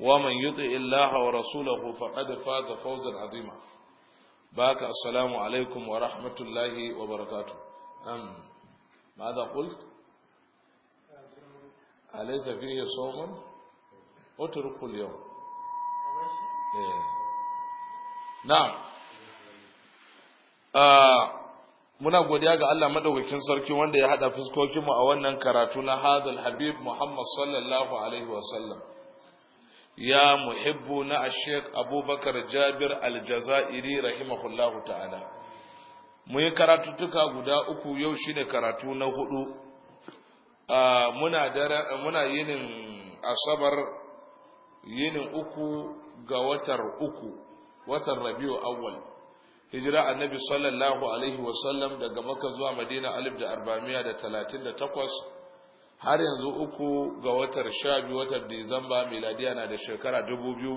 ومن يطع الله ورسوله فقد فاز فوزا عظيما باك السلام عليكم ورحمة الله وبركاته أم ماذا قلت أليس فيه صوم اتركوا اليوم إيه. نعم آه muna godiya ga Allah madaukakin sarki wanda ya hada fuskokinmu a wannan karatu na hadal habib Muhammad sallallahu alaihi sallam. ya muhibbu na ashek abubakar jabir aljazairi rahimahullahu ta'ala Muyi yi karatuttuka guda uku yau shine karatu na hudu muna yinin asabar yinin uku ga watar uku watan rabiu awwal hijira annabi sallallahu alaihi wasallam daga maka zuwa madina alif da arba'amiya da talatin da takwas har yanzu uku ga watar sha biyu watar disamba miladiya na da shekara dubu biyu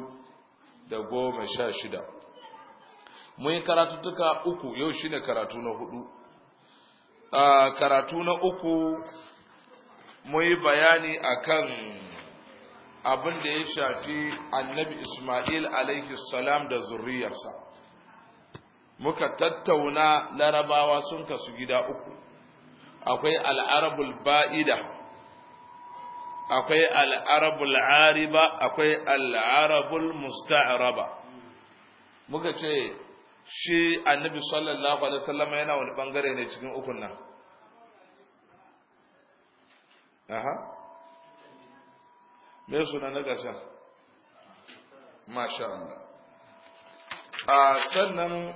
da goma sha shida mun yi karatuttuka uku yau shine karatu na hudu a karatu na uku mun yi bayani akan abin da ya shafi annabi ismail alaihi salam da zurriyarsa muka tattauna larabawa sun kasu gida uku akwai al'arabul ba'ida akwai al'arabul ariba akwai al'arabul musta'araba muka ce shi annabi sallallahu alaihi wasallam yana wani bangare ne cikin ukun nan aha me suna na gashin masha Allah a sannan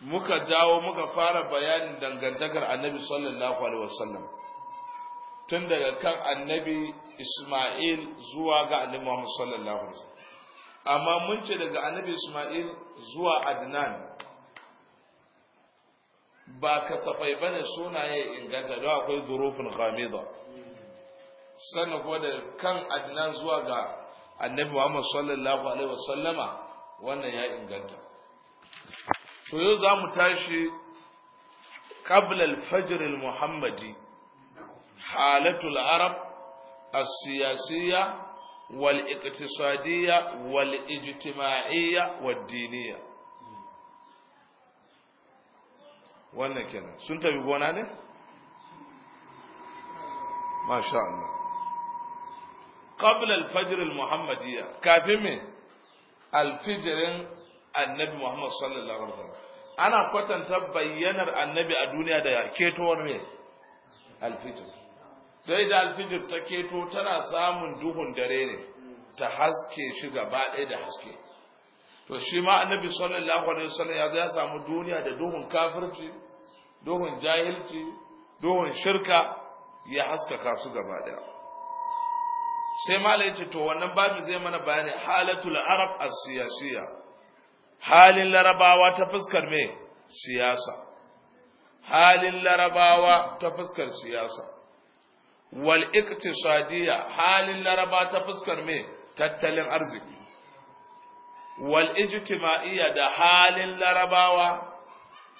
muka dawo muka fara bayanin dangantakar annabi sallallahu alaihi wasallam tun daga kan annabi Ismail zuwa ga annabi Muhammad sallallahu alaihi wasallam amma mun ce daga annabi Ismail zuwa Adnan ba ka tafai bane sunaye inganta da akwai zurufin khamida sannan kuma da kan Adnan zuwa ga annabi Muhammad sallallahu alaihi wasallama wannan ya inganta to yau za mu tashi qabla al-fajr al-muhammadi halatul arab السياسية والاقتصادية والاجتماعية والدينية wannan kenan sun tafi gona ne? masha Allah qabla muhammadiyya kafin me al-fijrin annabi Muhammad sallallahu alaihi wasallam ana kwatanta bayyanar annabi a duniya da ketowar sai da alfijir ta keto tana samun duhun dare ne ta haske shi gaba ɗaya da haske to shi ma annabi sallallahu alaihi wasallam ya ya samu duniya da duhun kafirci duhun jahilci duhun shirka ya haskaka su gaba ɗaya sai malai ce to wannan babu zai mana bayani halatul arab as-siyasiya halin larabawa ta fuskar me siyasa halin larabawa ta fuskar siyasa wal iktisadiyya halin laraba ta fuskar me tattalin arziki wal ijtima'iyya da halin larabawa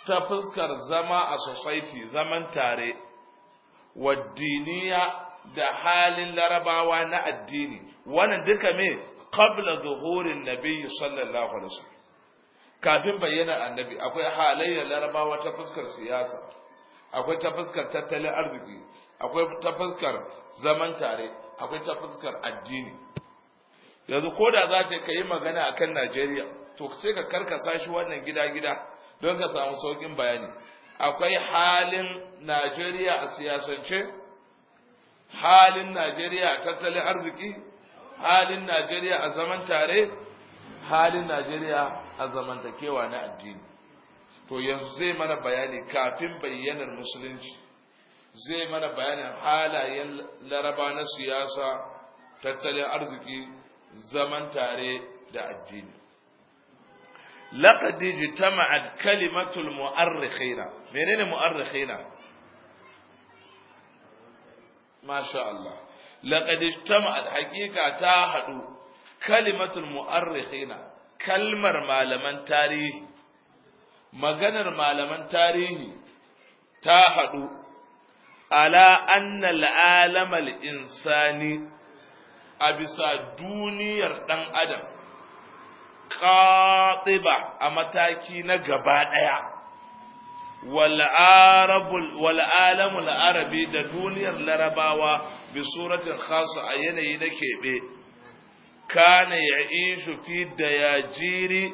ta fuskar zama a society zaman tare Waddiniya, da halin larabawa na addini wannan duka me qabla zuhurin nabiyyi sallallahu alaihi kafin bayyana annabi akwai halayyar larabawa ta fuskar siyasa akwai ta fuskar tattalin arziki akwai ta fuskar zaman tare akwai ta fuskar addini yanzu ko da za ta yi magana a kan Najeriya to sai ka karkasa shi wannan gida-gida don ka samu saukin bayani akwai halin Najeriya a siyasance halin Najeriya a tattalin arziki halin Najeriya a zaman tare halin Najeriya a zamantakewa na addini to yanzu zai mana bayani kafin bayyanar musulunci zai mana bayanin halayen laraba na siyasa tattalin arziki zaman tare da addini laqad jitama'at kalimatul mu'arrikhina menene mu'arrikhina masha Allah laqad jitama'at haqiqa ta hadu kalimatul mu'arrikhina kalmar malaman tarihi maganar malaman tarihi ta hadu ala anna al'alamal insani a bisa duniyar ɗan adam ƙaɗiba a mataki na gaba ɗaya wal'alamul arabi da duniyar larabawa bi suratin khasa a yanayi na keɓe kana ya ishu fi da ya jiri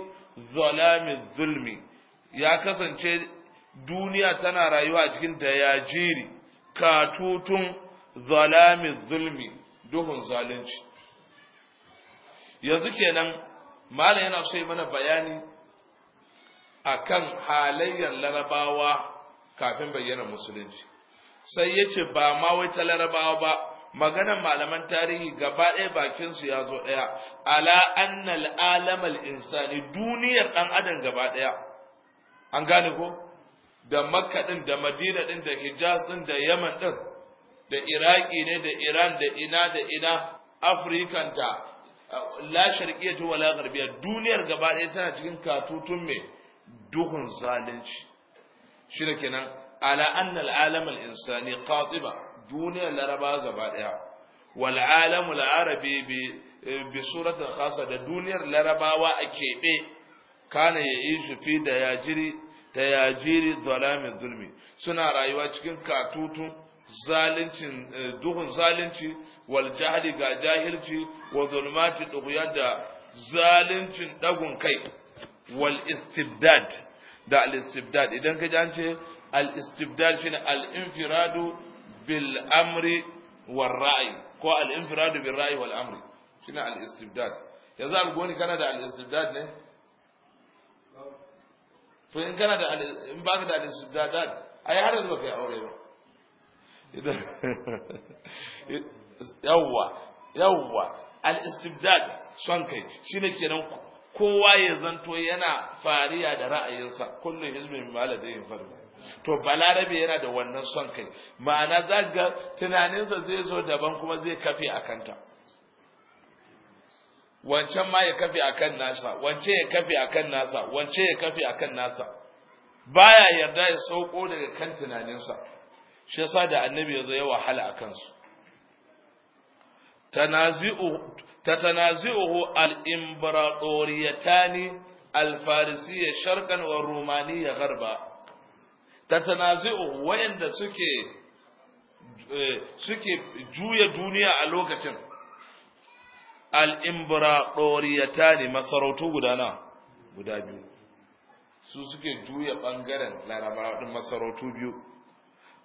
zulmi ya kasance duniya tana rayuwa cikin da ya jiri katutun zalamin zulmi duhun zalunci yanzu kenan malam yana so yi mana bayani akan halayyar larabawa kafin bayyana musulunci sai ya ce ba ma wai ta larabawa ba maganar malaman tarihi gaba ɗaya su ya zo ɗaya ala annal alamal insani duniyar ɗan adam gaba ɗaya an gane ko da makka din da madina din da hijaz din da yaman din da iraki ne da iran da ina da ina afirkan ta la sharqiyya wala gharbiyya duniyar gaba ɗaya tana cikin katutun me duhun zalunci shine kenan ala anna al-alam al-insani qatiba duniyar laraba gaba ɗaya wal alam al-arabi bi bi suratin khasa da duniyar larabawa a keɓe kana ya yi fi da ya jiri ta yajiri zalamin zulmi suna rayuwa cikin katutu zalincin eh, duhun zalunci wal jahli ga jahilci wa zulmati dughyan da zalincin dagun kai wal istibdad da al istibdad idan ka ji ce al istibdad shine al infiradu bil amri wal ra'i ko al infiradu bil ra'i wal amri shine al istibdad yanzu algoni kana da al istibdad ne to in kana da in baka da da da ai har yanzu baka yi aure ba yawwa yawwa al-istibdad son kai shine kenan kowa ya zanto yana fariya da ra'ayinsa kullu hizbin maladai farko to balarabe yana da wannan son kai ma'ana za tunaninsa zai zo daban kuma zai kafe a kanta wancan ma ya kafe akan nasa Wance ya kafe akan nasa Wance ya kafe akan nasa baya yarda ya sauko daga kan tunaninsa shi yasa da annabi ya zo ya wahala a kansu tatanazi'uhu al-imbratoriyatani al-farisiyya sharqan wa rumaniyya gharba tatanazi'uhu wayanda suke eh, suke juya duniya a lokacin al-imbratoriyatani masarautu guda na guda biyu su suke juya ɓangaren larabawa din masarautu biyu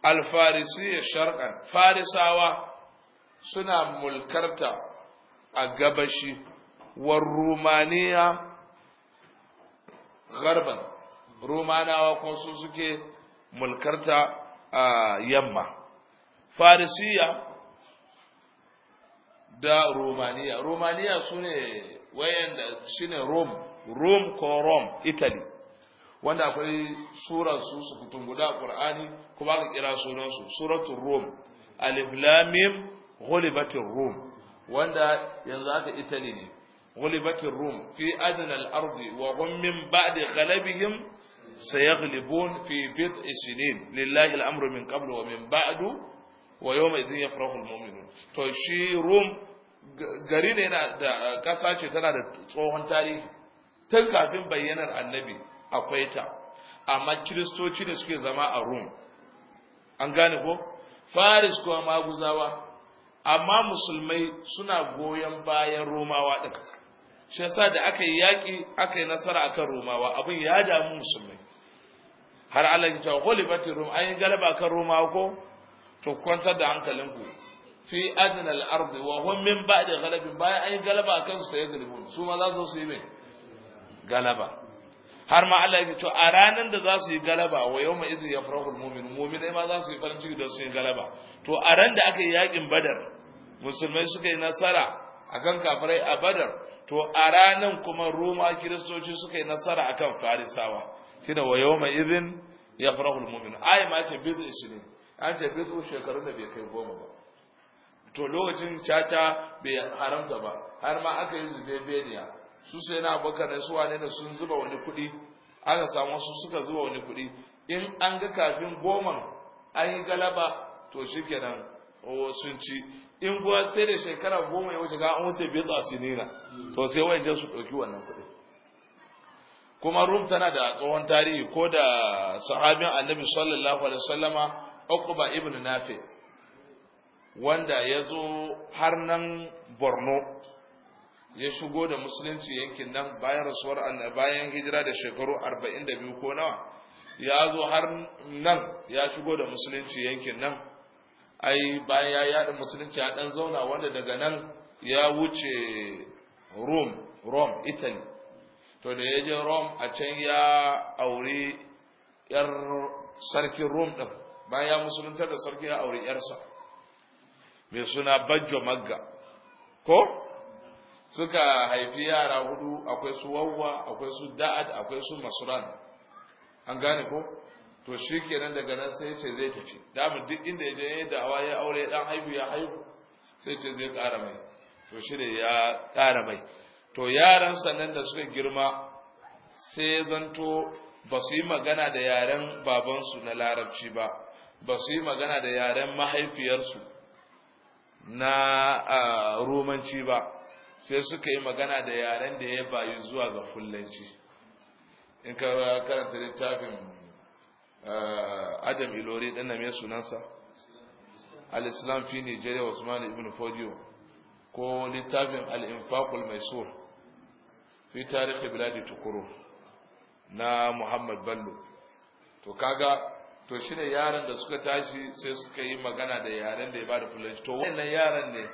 al ya farisawa suna mulkarta a gabashi war rumaniya garban rumanawa ko su suke mulkarta a yamma farisiya da romaniya romaniya su ne wayanda shi ne rome rome ko rome italy wanda akwai suransu su su guda ƙur'ani kuma aka kira sunansu. su rum alif lam mim rum wanda yanzu aka italy ne ghulibatir rum fi adna al-ardi wa hum min ba'di ghalabihim سيغلبون في بضع سنين لله الأمر من قبل ومن بعد ويوم إذن يفرح المؤمنون to shi rum gari ne yana da ƙasa ce tana da tsohon tarihi tun kafin bayyanar annabi akwai ta amma kiristoci ne suke zama a rum an gane ko faris kuma maguzawa amma musulmai suna goyon bayan romawa ɗin shi yasa da aka yi yaƙi aka yi nasara akan romawa abin ya damu musulmai har Allah ta ghalibatir rum an yi galaba kan romawa ko to kwantar da hankalinku fi adna al-ard wa hum min ba'di ghalab bayan an yi galaba kan su ya galibun su ma za su yi galaba har ma Allah ya to a ranan da za su yi galaba wa yawma idh yafrahu al-mu'min mu'minai ma za su yi farin ciki da su yi galaba to a ran da aka yi yakin badar musulmai suka yi nasara akan kafirai a badar to a ranan kuma roma kiristoci suka yi nasara akan farisawa shine wa yawma idh yafrahu al-mu'min ai ma ce bid'u isnin an ce bid'u shekaru da bai kai goma ba to lokacin caca bai haramta ba har ma aka yi zube beniya su sai na abokan da su wane da sun zuba wani kuɗi aka samu su suka zuba wani kuɗi in an ga kafin goman an yi galaba to shi kenan sun ci in kuwa sai da shekara goma ya wuce ga an wuce bai tsasi nina to sai wajen su ɗauki wannan kuɗi kuma rum tana da tsohon tarihi ko da sahabin annabi sallallahu alaihi wasallama uqba ibn nafi' wanda ya zo har nan borno ya shigo da musulunci yankin nan bayan rasuwar bayan hijira da shekaru 42 ko nawa ya zo har nan ya shigo da musulunci yankin nan ai bayan ya yada musulunci ya dan zauna wanda daga nan ya wuce rome rome italy to da ya je rome a can ya auri yar sarkin rome din bayan ya musuluntar da sarki ya auri yarsa mai suna bajjo magga ko suka haifi yara hudu akwai su wawwa akwai su da'ad akwai su masuran. an gane ko to shi kenan daga nan sai ce zai tafi damu duk inda ya yi hawa ya aure dan haihu ya haihu sai ce zai kara mai to shi ne ya kara mai to yaran sannan da suka girma sai zanto ba su yi magana da yaren babansu na larabci ba ba su yi magana da yaren mahaifiyarsu na romanci ba sai suka yi magana da yaren da ya bayu zuwa ga fullanci in ka karanta littafin adam ilori ɗan na mai sunansa al-islam fi nigeria usman ibn fodio ko littafin al mai so fi tarihi biladi tukuru na muhammad bello to kaga to shi ne yaran da suka tashi sai suka yi magana da yaren da ya ba da fulanci to wannan yaran ne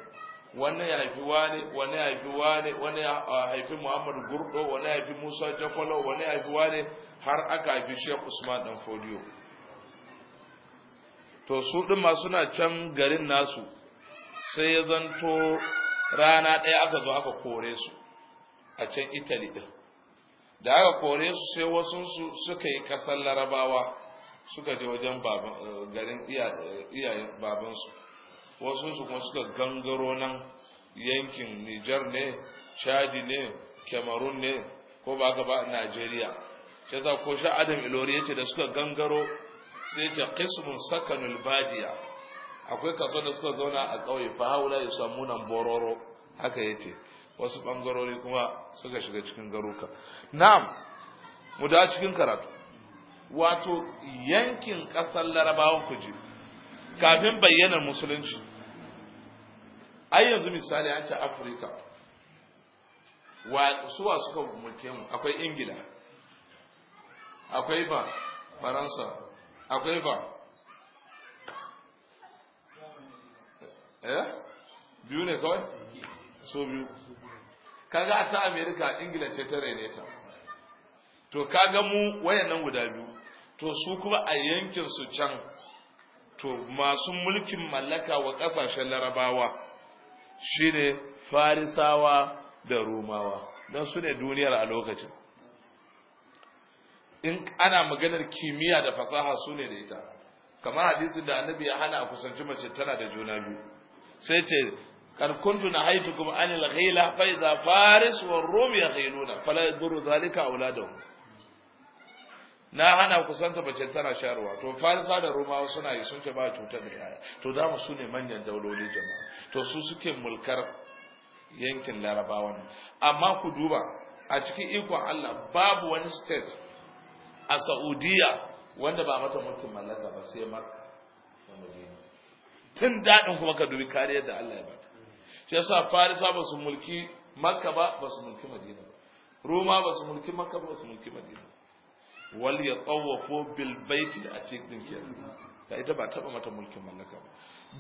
wani ya haifi wane wani ya haifi wane wani ya haifi muhammad gurdo wani ya haifi musa jakwalo wani ya haifi wane har aka haifi shekh usman dan folio to su din ma suna can garin nasu sai ya zanto rana ɗaya aka zo aka kore su a can italy ɗin da aka kore su sai wasu suka yi ƙasar larabawa suka je wajen eh, garin eh, iyayen babansu wasu su kuma suka gangaro nan yankin Nijar ne Chadi ne Cameroon ne ko ba ka ba Najeriya ce za ko sha Adam Ilori yace da suka gangaro sai ce qismun sakanul badiya akwai kaso da suka zauna a ƙauye fa haula samunan bororo haka yace wasu bangarori kuma suka shiga cikin garuka na'am mu da cikin karatu wato yankin ƙasar ku je kafin bayyanar musulunci ai yanzu misali an ce afirka suwa suka mulke mu akwai ingila akwai ba faransa akwai ba eh biyu ne kawai so biyu kaga ta amerika ingila ce ta raineta. to kaga mu wayannan guda biyu to su kuma a yankin su can to masu mulkin mallaka wa kasashen larabawa shine farisawa da romawa don su ne duniyar a lokacin in ana maganar kimiyya da fasaha su ne da ita kamar hadisin da annabi ya hana a kusanci mace tana da juna biyu sai ce karkuntu na haitu kuma anil ghaila fa iza faris wa rum ya ghailuna fala yadur zalika auladahum na hana kusanta bace tana sharuwa to farisa da romawa suna yi sun ce ba cutar da yaya to da mu su ne manyan dauloli jama'a to su suke mulkar yankin larabawan. amma ku duba a cikin ikon Allah babu wani state a Saudiya wanda ba mata mulkin mallaka ba sai Makka da Madina tun dadin kuma ka dubi kariyar da Allah ya bata shi yasa farisa ba su mulki Makka ba ba su mulki Madina ba Roma ba su mulki Makka ba su mulki Madina ba wal ya tsawafo bil baiti da ake din da ita ba taba mata mulkin mallaka ba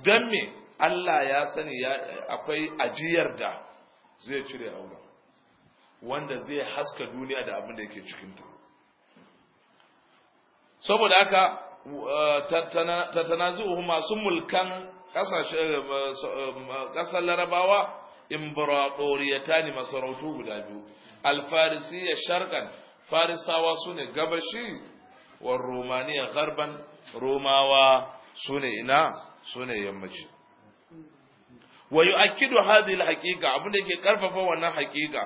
dan me Allah ya sani akwai ajiyar da zai cire aure wanda zai haska duniya da abin da yake cikin ta saboda haka tatanazuhu masu mulkan kasar eh, eh, larabawa imbaradoriyata ne masarautu guda biyu alfarisiya sharkan farisawa su ne gabashi wa romaniya garban romawa su ne ina su ne yammaci wa yu'akkidu hadhihi haɗi haqiqa abin da ke karfafa wannan haqiqa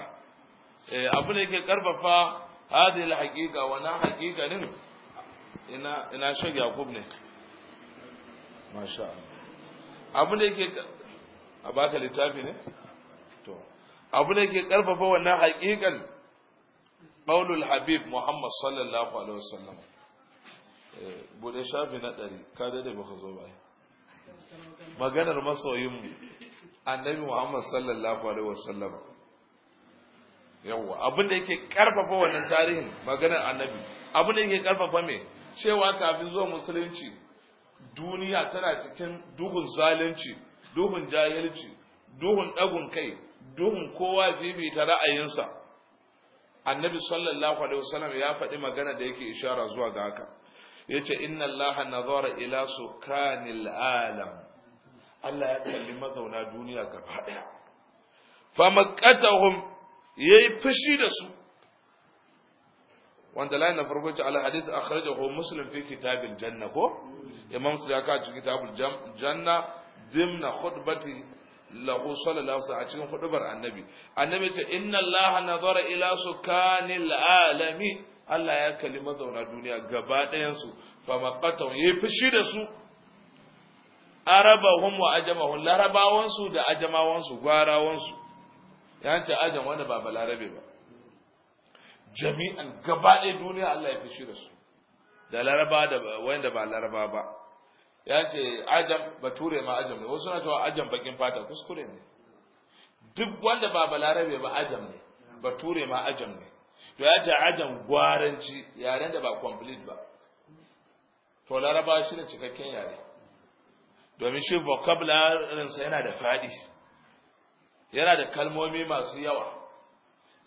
eh, abin da ke karfafa hadhihi al-haqiqa wannan haqiqa din ina ina shag yakub ne masha abin da yake a baka littafi ne to abin da yake karfafa wannan haqiqan qaulul habib muhammad sallallahu alaihi wasallam eh, bude shafi na ɗari ka dade ba ka zo ba maganar masoyinmu annabi muhammad sallallahu alaihi wasallam yawwa abin da yake karfafa wannan tarihin maganar annabi abin da yake karfafa me cewa kafin zuwa musulunci duniya tana cikin duhun zalunci duhun jahilci duhun ɗagun kai duhun kowa ta ra'ayinsa annabi sallallahu alaihi wasallam ya faɗi magana da yake ishara zuwa ga haka yace inna allaha nazara ila sukanil alam Allah ya kalli mazauna duniya gaba daya fa maqatahum yayi fushi da su wanda na farko ce al hadith akhrajahu muslim fi kitabil janna ko imam sulaka cikin kitabul janna dimna khutbati lahu sallallahu alaihi a cikin hudubar annabi annabi ta inna allaha nazara ila sukanil alami Allah ya kalli mazauna duniya gaba ɗayan su fa maqatu yi fushi da su arabahum wa ajamahum larabawan su da ajamawan su gwarawan su yanci ajam wanda ba balarabe ba jami'an gaba ɗayan duniya Allah ya fushi da su da laraba da wanda ba laraba ba ya ce ajam bature ma ajam ne wasu na cewa ajam bakin fata kuskure ne duk wanda ba balarabe ba ajam ne bature ma ajam ne to ya ce ajam gwaranci yaren da ba complete ba to laraba shi ne cikakken yare domin shi vocabularinsa yana da fadi, yana da kalmomi masu yawa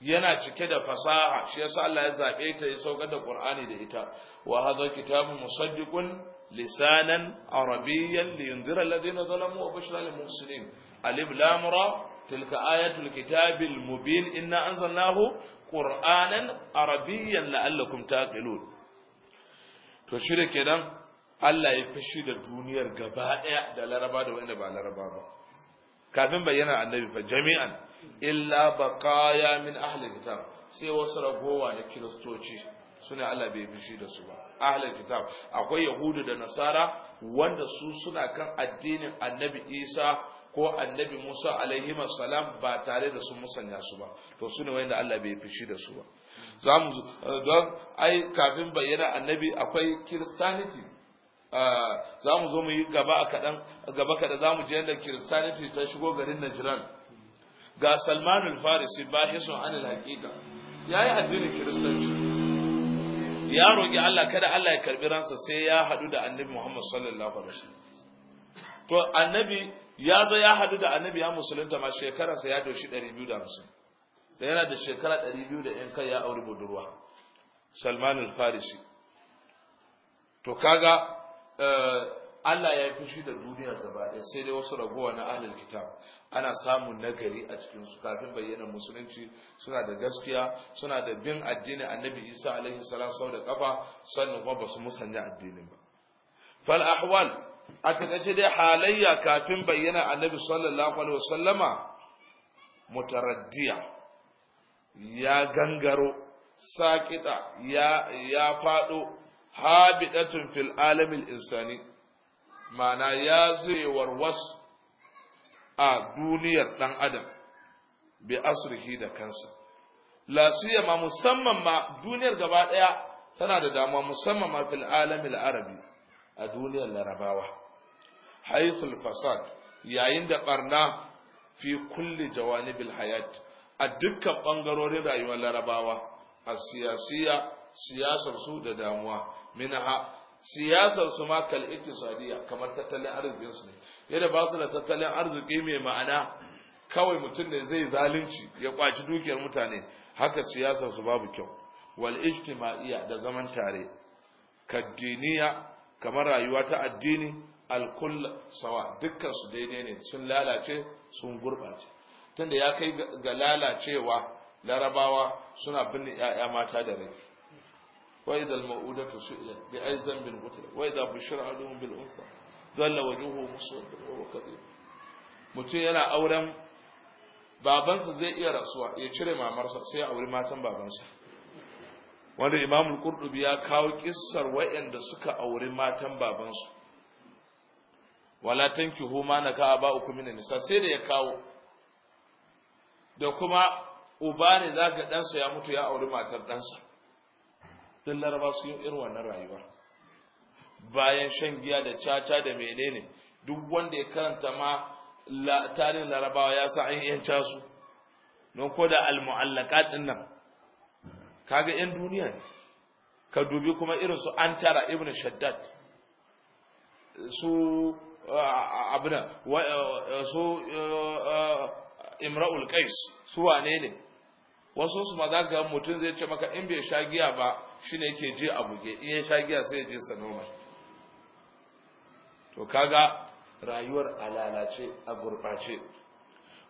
yana cike da fasaha shi yasa Allah ya zabe ta ya saukar da Qur'ani da ita wa hadha kitabun musaddiqun lisanan arabiyyan liyundira alladhina zalamu wa bushra lil muhsinin alif lam ra tilka ayatul kitabil mubin ta anzalnahu to shi da kenan Allah ya fashi da duniyar gaba ɗaya da laraba da wanda ba laraba ba kafin bayyana annabi ba jami'an illa baqaya min ahli kitab sai wasu ragowa na kiristoci suna Allah bai fushi da su ba ahlul kitab akwai yahudu da nasara wanda su suna kan addinin annabi isa ko annabi musa alaihi salam ba tare da sun musanya su ba to su ne wanda Allah bai fushi da su ba za mu eh, don ai kafin bayyana annabi akwai christianity eh, za mu zo mu yi gaba a kaɗan gaba kaɗan za mu je yadda christianity ta shigo garin najiran ga salmanul farisi ba hisun anil haƙiƙa ya yi addinin kiristanci ya roƙi Allah kada Allah ya karbi ransa sai ya haɗu da annabi Muhammad sallallahu alaihi wasallam to annabi ya zo ya haɗu da annabi ya musulunta ma shekararsa ya doshi 250 da yana da shekara 200 da yan kai ya auri budurwa Salman al-Farisi to kaga eh, Allah ya yi fushi da duniya gaba ɗaya sai dai wasu ragowa na ahlul kitab ana samun nagari a cikin su kafin bayyana musulunci suna da gaskiya suna da bin addinin annabi Isa alaihi salam sau da kafa sannan kuma basu musanya addinin ba fal ahwal a takaice dai halayya kafin bayyana annabi sallallahu alaihi wasallama mutaraddiya ya gangaro sakita ya ya fado habidatun fil alamil insani ma'ana ya zai warwas a duniyar ɗan adam bi asirki da kansa lasiya ma musamman ma duniyar gaba ɗaya tana da damuwa musamman ma fil alamil arabi a duniyar larabawa haithul fasad yayin da barna fi kulli jawanibil hayat a dukkan ɓangarorin rayuwar larabawa a siyasiya siyasar su da damuwa minha siyasar su ma kal iktisadiya kamar tattalin arzikin su ne yadda ba su da tattalin arziki mai ma'ana kawai mutum ne zai zalunci ya kwaci dukiyar mutane haka siyasar su babu kyau wal ijtima'iyya da zaman tare kaddiniya kamar rayuwa ta addini kull sawa dukkan su daidai ne sun lalace sun gurbace tunda ya kai ga lalacewa larabawa suna binne 'ya'ya mata da rai وإذا المؤودة سئلت بأي ذنب قتل وإذا بشر أحدهم بالأنثى ذل وجهه مصد وهو كظيم mutum yana auren babansa zai iya rasuwa ya cire mamarsa sai ya auri matan babansa wanda imamul qurtubi ya kawo kissar waɗanda suka auri matan babansu wala tankihu ما نكا aba'ukum min nisa sai da ya kawo da kuma uba ne zaka ɗansa ya mutu ya auri matar ɗansa duk laraba su yi irin wannan rayuwa bayan shan giya da caca da menene duk wanda ya karanta ma tarin larabawa ya sa an yanta su don ko da almu'allaka din nan kaga yan duniya ka dubi kuma irin su antara Ibn shaddad su abuna su imra'ul qais su wane ne wasu su ma za ka mutum zai ce maka in bai sha giya ba shine yake je a buge in ya sha giya sai ya je sa noma. to kaga rayuwar lalace, a gurɓace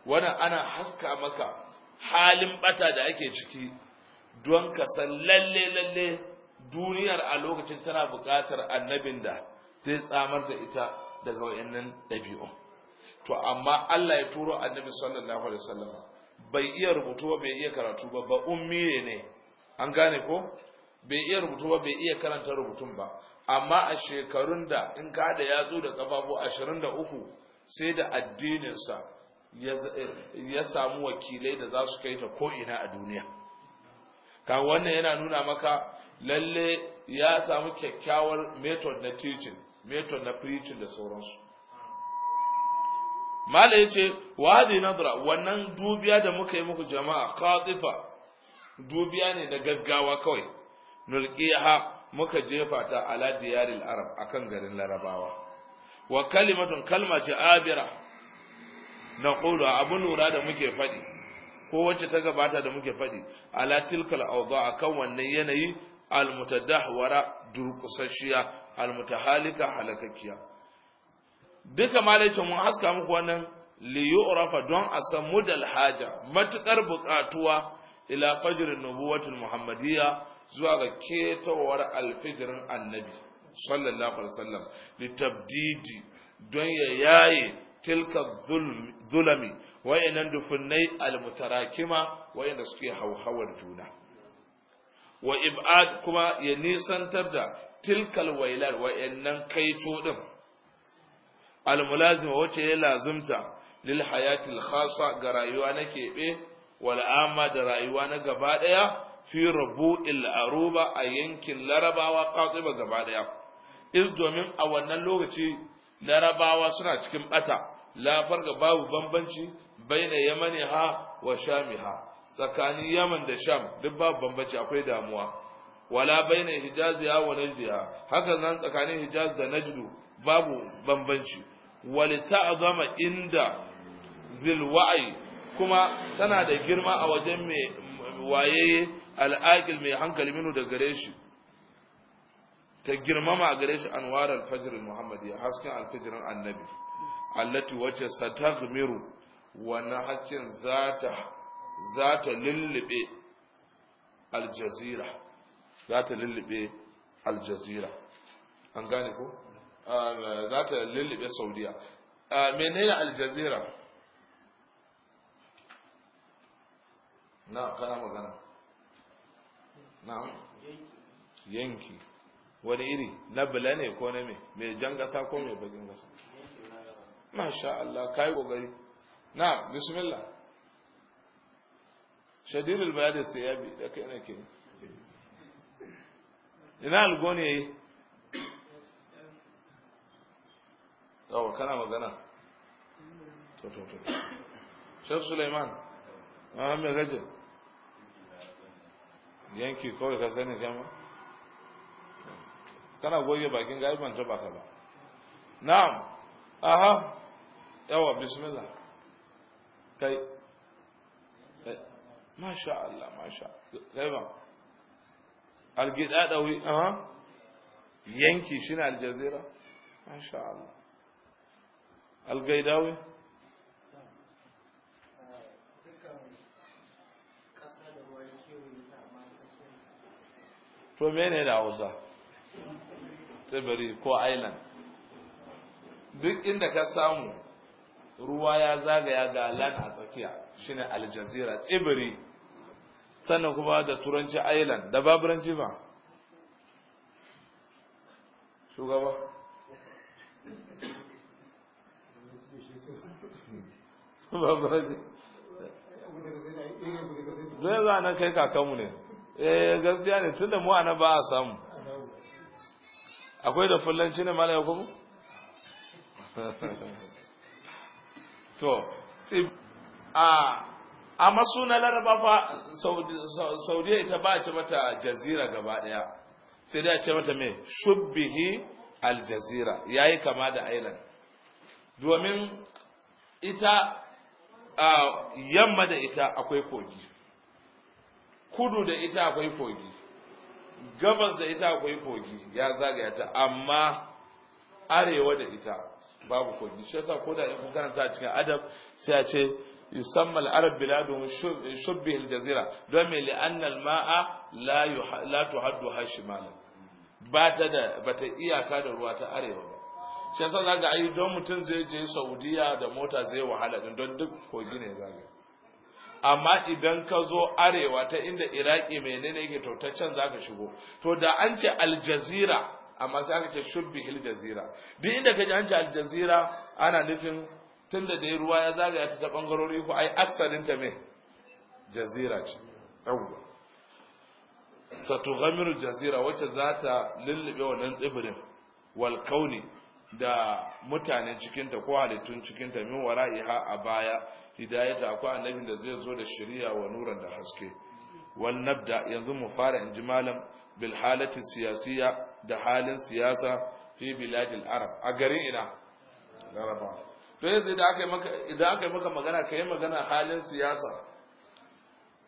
wannan ana haska maka halin bata da ake ciki don ka san lalle lalle duniyar a lokacin tana buƙatar annabin da zai tsamar da ita daga wayannan dabi'u. to amma Allah ya turo annabi sallallahu alaihi wasallam bai iya rubutu ba bai iya karatu ba ba ummi ne an gane ko bai iya rubutu ba bai iya karanta rubutun ba amma a shekarun da in ka da yatsu da kafafu ashirin da uku sai da addininsa ya samu wakilai da za su kai ta ko'ina a duniya ka wannan yana nuna maka lalle ya samu kyakkyawar method na teaching method na preaching da sauransu mala ya ce wadi nadra wannan dubiya da muka yi muku jama'a qatifa dubiya ne na gaggawa kawai nulqiha muka jefa ta ala diyaril arab akan garin larabawa wa kalimatun kalma ce abira na qulu abu lura da muke fadi ko wacce ta gabata da muke fadi ala tilkal awda akan wannan yanayi al mutadahwara almutahalika al mutahalika duka malaicin mun haska muku wannan li yu'rafa don a san mudal haja matukar buƙatuwa ila fajrin nubuwatul muhammadiyya zuwa ga ketowar alfijirin annabi sallallahu alaihi wasallam tabdidi don ya yaye tilka zulami wayannan dufunnai almutarakima wayanda suke hauhawar juna wa ib'ad kuma ya nisantar da tilkal wailar wayannan kaito din almulazima wacce ya lazumta lil hayatil khassa ga rayuwa na keɓe wal amma da rayuwa na gaba daya fi rabu'il aruba a yankin larabawa katsiba gaba daya is domin a wannan lokaci larabawa suna cikin bata lafar ga babu bambanci baina yamani ha wa shami ha tsakanin yaman da sham duk babu bambanci akwai damuwa wala baina hijazi ha wa najdi ha haka nan tsakanin hijaz da najdu babu bambanci wal ta'zama inda zil wa'i kuma tana da girma a wajen mai waye al'aqil mai hankali minu da gare shi ta girmama a gare shi anwar al Muhammadu muhammadiya hasken al-fajrin annabi allati wacce satagmiru wannan hasken za ta lullube al Za ta lullube al an gane ko ta lullube saudiya menene al-jazira na kana magana na'am yanki wani iri na bula ne ko na me mai jan gasa ko mai bagin gasa masha Allah kai kokari na bismillah shadirul bayad sai ya bi da kai nake ina ya yayi yawa kana magana to to to Sheikh Suleiman Muhammad Rajab yanki kawai ka sani jama kana goge bakin gari ban taba ka ba na'am aha yawa bismillah kai masha Allah masha kai ba algida da wi aha yanki shine aljazira masha Allah algaidawi to mene da hausa tsibiri ko island duk inda ka samu ruwa ya zagaya ga lan a tsakiya shine aljazira tsibiri sannan kuma da turanci island da baburanci ba shugaba baburanci eh, zai zanen kai kakanmu ne eh gaskiya ne tunda mu ana ba a samu akwai da fullanci ne malaya kuma to a a masu laraba fa saudiya ita ba ce mata jazira gaba daya sai dai a ce mata mai shubbihi aljazira ya yi kama da island domin ita a yamma da ita akwai kogi kudu da ita akwai kogi gabas da ita akwai kogi ya zagaya ta amma arewa da ita babu kogi shi yasa ko da in kun karanta cikin adab sai a ce yusammal arab biladun shubbi al-jazira don me li annal maa la la tuhaddu hashimalan ba ta da ba ta iyaka da ruwa ta arewa ba shi yasa zaga ai don mutum zai je Saudiya da mota zai wahala don duk kogi ne zaga amma idan ka zo arewa ta inda iraki menene yake to ta can zaka shigo to da an ce aljazira amma sai aka ce shubbi hil jazira duk inda ka ji an ce aljazira ana nufin tunda da ruwa ya zagaya ta ta bangarori ko ai aksarin ta me jazira ce yawwa satughamiru jazira wacce za ta lullube wannan tsibirin wal kauni da mutanen cikinta ko halittun cikinta min wara'iha a baya hidayar da akwai annabin da zai zo da shari'a wa nuran da haske wal nabda yanzu mu fara inji malam bil halati siyasiya da halin siyasa fi biladil arab a garin ina garaba to yanzu idan aka yi maka idan aka yi maka magana kai magana halin siyasa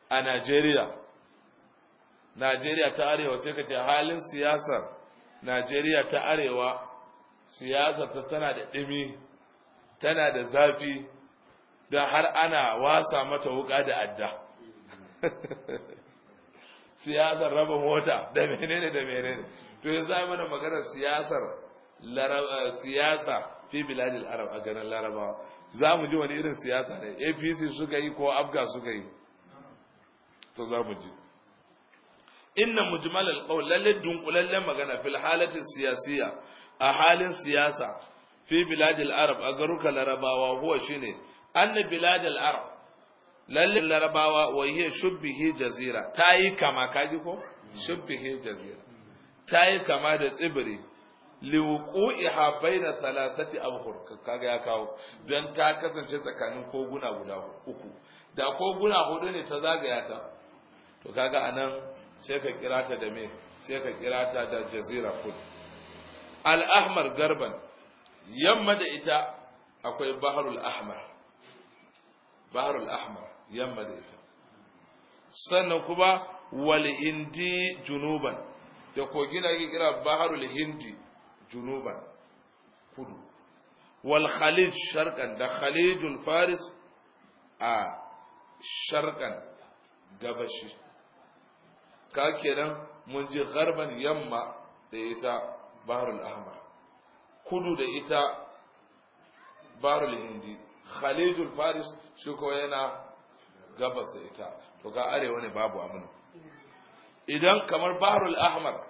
a Najeriya Najeriya ta arewa sai ka ce halin siyasar Najeriya ta arewa siyasar ta tana da dimi tana da zafi da har ana wasa mata wuka da adda siyasar raba mota da menene da menene to yanzu ai mana magana siyasar eh, siyasa fi biladil arab a ganin larabawa za mu ji wani irin siyasa ne apc suka yi ko afga suka yi to za mu ji inna mujmal alqawl lalle dunkulallen magana fil halati siyasiya a halin siyasa fi biladil arab a garuka larabawa huwa shine anna bilad al arab lalle larabawa wa hiya shubbihi jazira tayi kama kaji ko shubbihi jazira tayi kama da tsibiri liwuqu'iha baina thalathati abhur kaga ya kawo dan ta kasance tsakanin koguna guda uku da koguna hudu ne ta zagaya ta to kaga anan sai ka kira ta da me sai ka kira ta da jazira kul al ahmar garban yamma da ita akwai baharul ahmar baharul ahmar yamma da ita sannan kuma wal hindi junuban da kogi da ake kira baharul hindi junuban kudu wal khalij da khalijul faris a Sharkan gabashi ka kenan mun ji garban yamma da ita baharul ahmar kudu da ita baharul hindi khalidul faris shi ko yana gabas da ita to ga arewa ne babu abin idan kamar baharul ahmar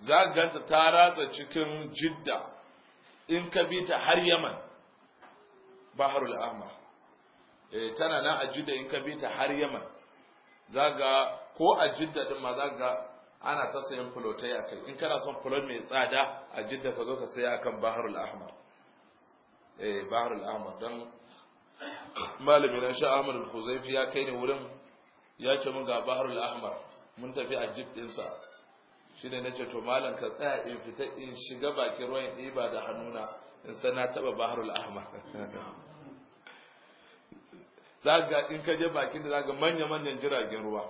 za ganta ta ratsa cikin jidda in ka bi ta har yaman baharul ahmar eh, tana nan a jidda in ka bi ta har yaman za ga ko a jidda din ma za ga ana ta sayan fulotai a kai in kana son fulot mai tsada a jidda ka zo ka saya akan bahrul ahmar Eh, bahar al'amur don malami na sha ahmad al-khuzaifi ya kai ni wurin ya ce mun ga bahar al'amur mun tafi a jib ɗinsa shi ne na ce to malam ka tsaya in fita in shiga bakin ruwan ɗiba da hannuna in san na taɓa bahar al'amur zaga in ka je bakin da zaga manya-manyan jiragen ruwa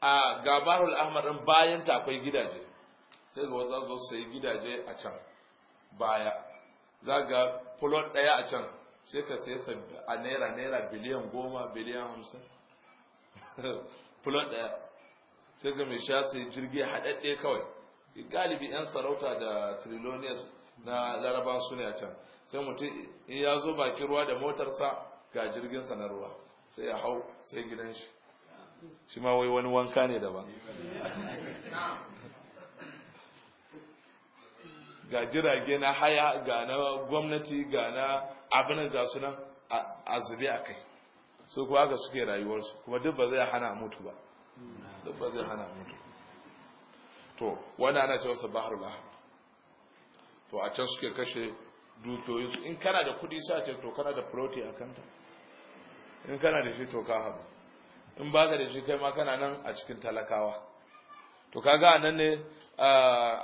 a gabarul din bayan ta akwai gidaje sai ga wasu zo sai gidaje a can baya zaga fulot ɗaya a can sai ka sai a naira naira biliyan goma biliyan hamsin fulot ɗaya sai ga mai sha sai jirgi haɗaɗɗe kawai galibi 'yan sarauta da trilonius na laraba su ne a can sai mutum in ya zo bakin ruwa da motarsa ga jirgin sanarwa. ruwa sai ya hau sai gidan shi shi ma wai wani wanka ne daban ga jirage na haya ga na gwamnati ga na abin ga su nan a zube a kai su kuwa haka suke rayuwarsu kuma duk ba zai hana mutu ba duk ba zai hana mutu to wanda ana cewa wasu bahar ba to a can suke kashe dukiyoyin su in kana da kudi sa ce to kana da proti a kanta in kana da shi to ka haɗu in ba ka da shi kai ma kana nan a cikin talakawa to kaga anan ne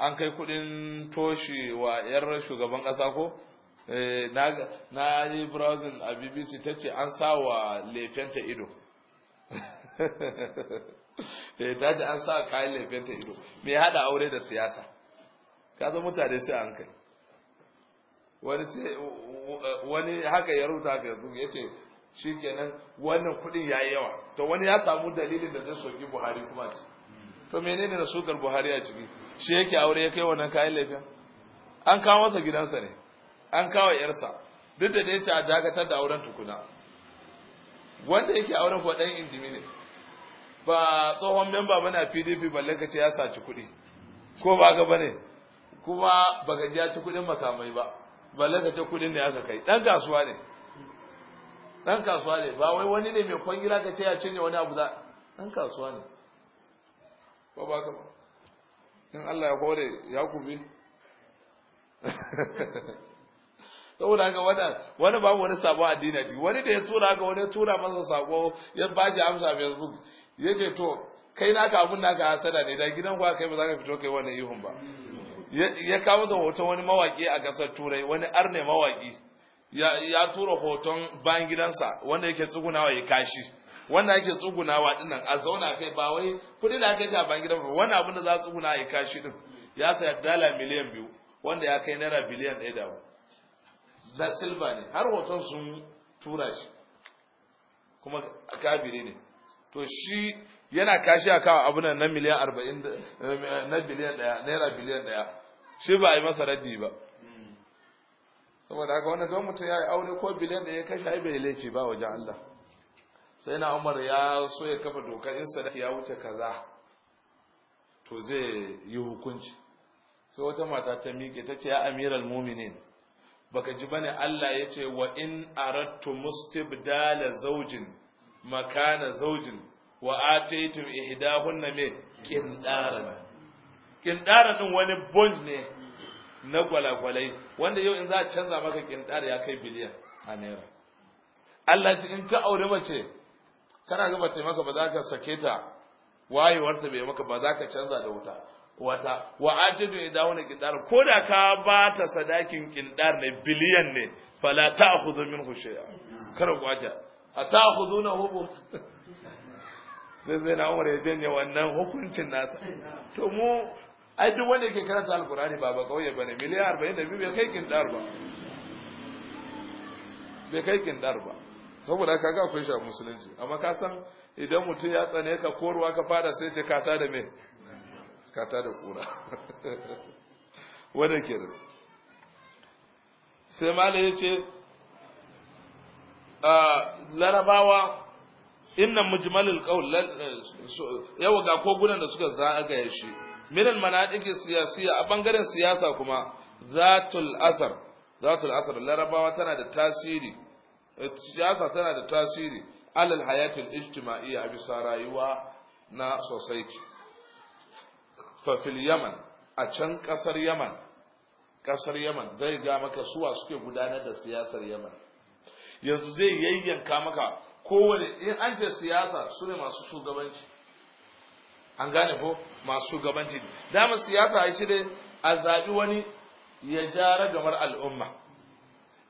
an kai kudin toshi wa yar shugaban kasa ko eh, na yi browsing a bbc ta ce an sa wa lefenta ido eh, ta ce an sa kayan lefenta ido mai hada aure da siyasa ka zo mutane sai an kai wani haka ya ruta ga ya ce shi kenan wannan kudin ya yi yawa to wani ya samu dalilin da zai soki buhari kuma ce to menene na sukar buhari a ciki shi yake aure ya kai wannan kayan laifin an kawo masa gidansa ne an kawo yarsa duk da dai ce a dakatar da auren tukuna wanda yake auren kuwa dan indimi ne ba tsohon memba bane a pdp balle ka ce ya saci kuɗi ko ba ga bane kuma ba ga ya ci kuɗin makamai ba balle ka ce kuɗin ne aka kai Dan kasuwa ne Dan kasuwa ne ba wai wani ne mai kwangila ka ce ya cinye wani abu za Dan kasuwa ne ba ba ka ba in Allah ya kore ya kube saboda haka wani wani babu wani sabo addini a ciki wani da ya tura haka wani ya tura masa sabo ya ba shi amsa a facebook ya ce to kai naka abun naka hasada ne da gidan kwa kai ba za ka fito kai wani ihun ba ya kawo da hoton wani mawaki a kasar turai wani arne mawaki ya tura hoton bayan gidansa wanda yake tsugunawa ya kashi wanda ake tsugunawa nan a zauna kai ba wai kuɗi da aka ci a gidan ba wani abin da za a tsuguna a kashi din ya saya dala miliyan biyu wanda ya kai naira biliyan ɗaya da Da silva ne har hoton sun tura shi kuma kabiri ne to shi yana kashi a kawo abu na miliyan arba'in na biliyan ɗaya naira biliyan ɗaya shi ba a yi masa raddi ba hmm. saboda haka wannan, don mutum ya yi aure ko biliyan ɗaya ya kashi ai bai laifi ba wajen Allah sai na umar ya so ya kafa dokar in sadaki ya wuce kaza to zai yi hukunci sai wata mata ta miƙe ta ce ya amiral muminin baka ji bane Allah ya ce wa in arattu mustibdala zaujin makana zaujin wa ataytum ihdahunna me kindaran kindaran din wani bond ne na gwalagwalai wanda yau in za a canza maka kindar ya kai biliyan a naira Allah in ka aure mace kana ga bata maka ba za ka sake ta wayewarta bai maka ba za ka canza da wuta wata wa ajidu dawo wani gindar. ko da ka ba ta sadakin gindar ne biliyan ne fala ta'khudhu min hushaya. kar ku aja ata'khuduna hu sai sai na umar ya janye wannan hukuncin nasa to mu ai duk wanda yake karanta alkurani ba ba kauye bane miliyan 42 bai kai gindar ba bai kai gindar ba saboda ka ga akwai shi musulunci amma ka san idan mutum ya tsane ka korwa ka fara sai ce kata da me kata da kura wanda ke sai malai ya ce larabawa inna mujmalul qaul yawa ga kogunan da suka zagaye shi minan manadiki siyasiya a bangaren siyasa kuma zatul asar zatul asar larabawa tana da tasiri siyasa tana da tasiri alal hayatul ijtima'iyya a bisa rayuwa na society fa fil yaman a can kasar yaman kasar yaman zai ga maka suwa suke gudanar da siyasar yaman yanzu zai yayyanka maka kowane in an ce siyasa su ne masu shugabanci an gane ko masu shugabanci dama siyasa a shi dai a zaɓi wani ya jara gamar al'umma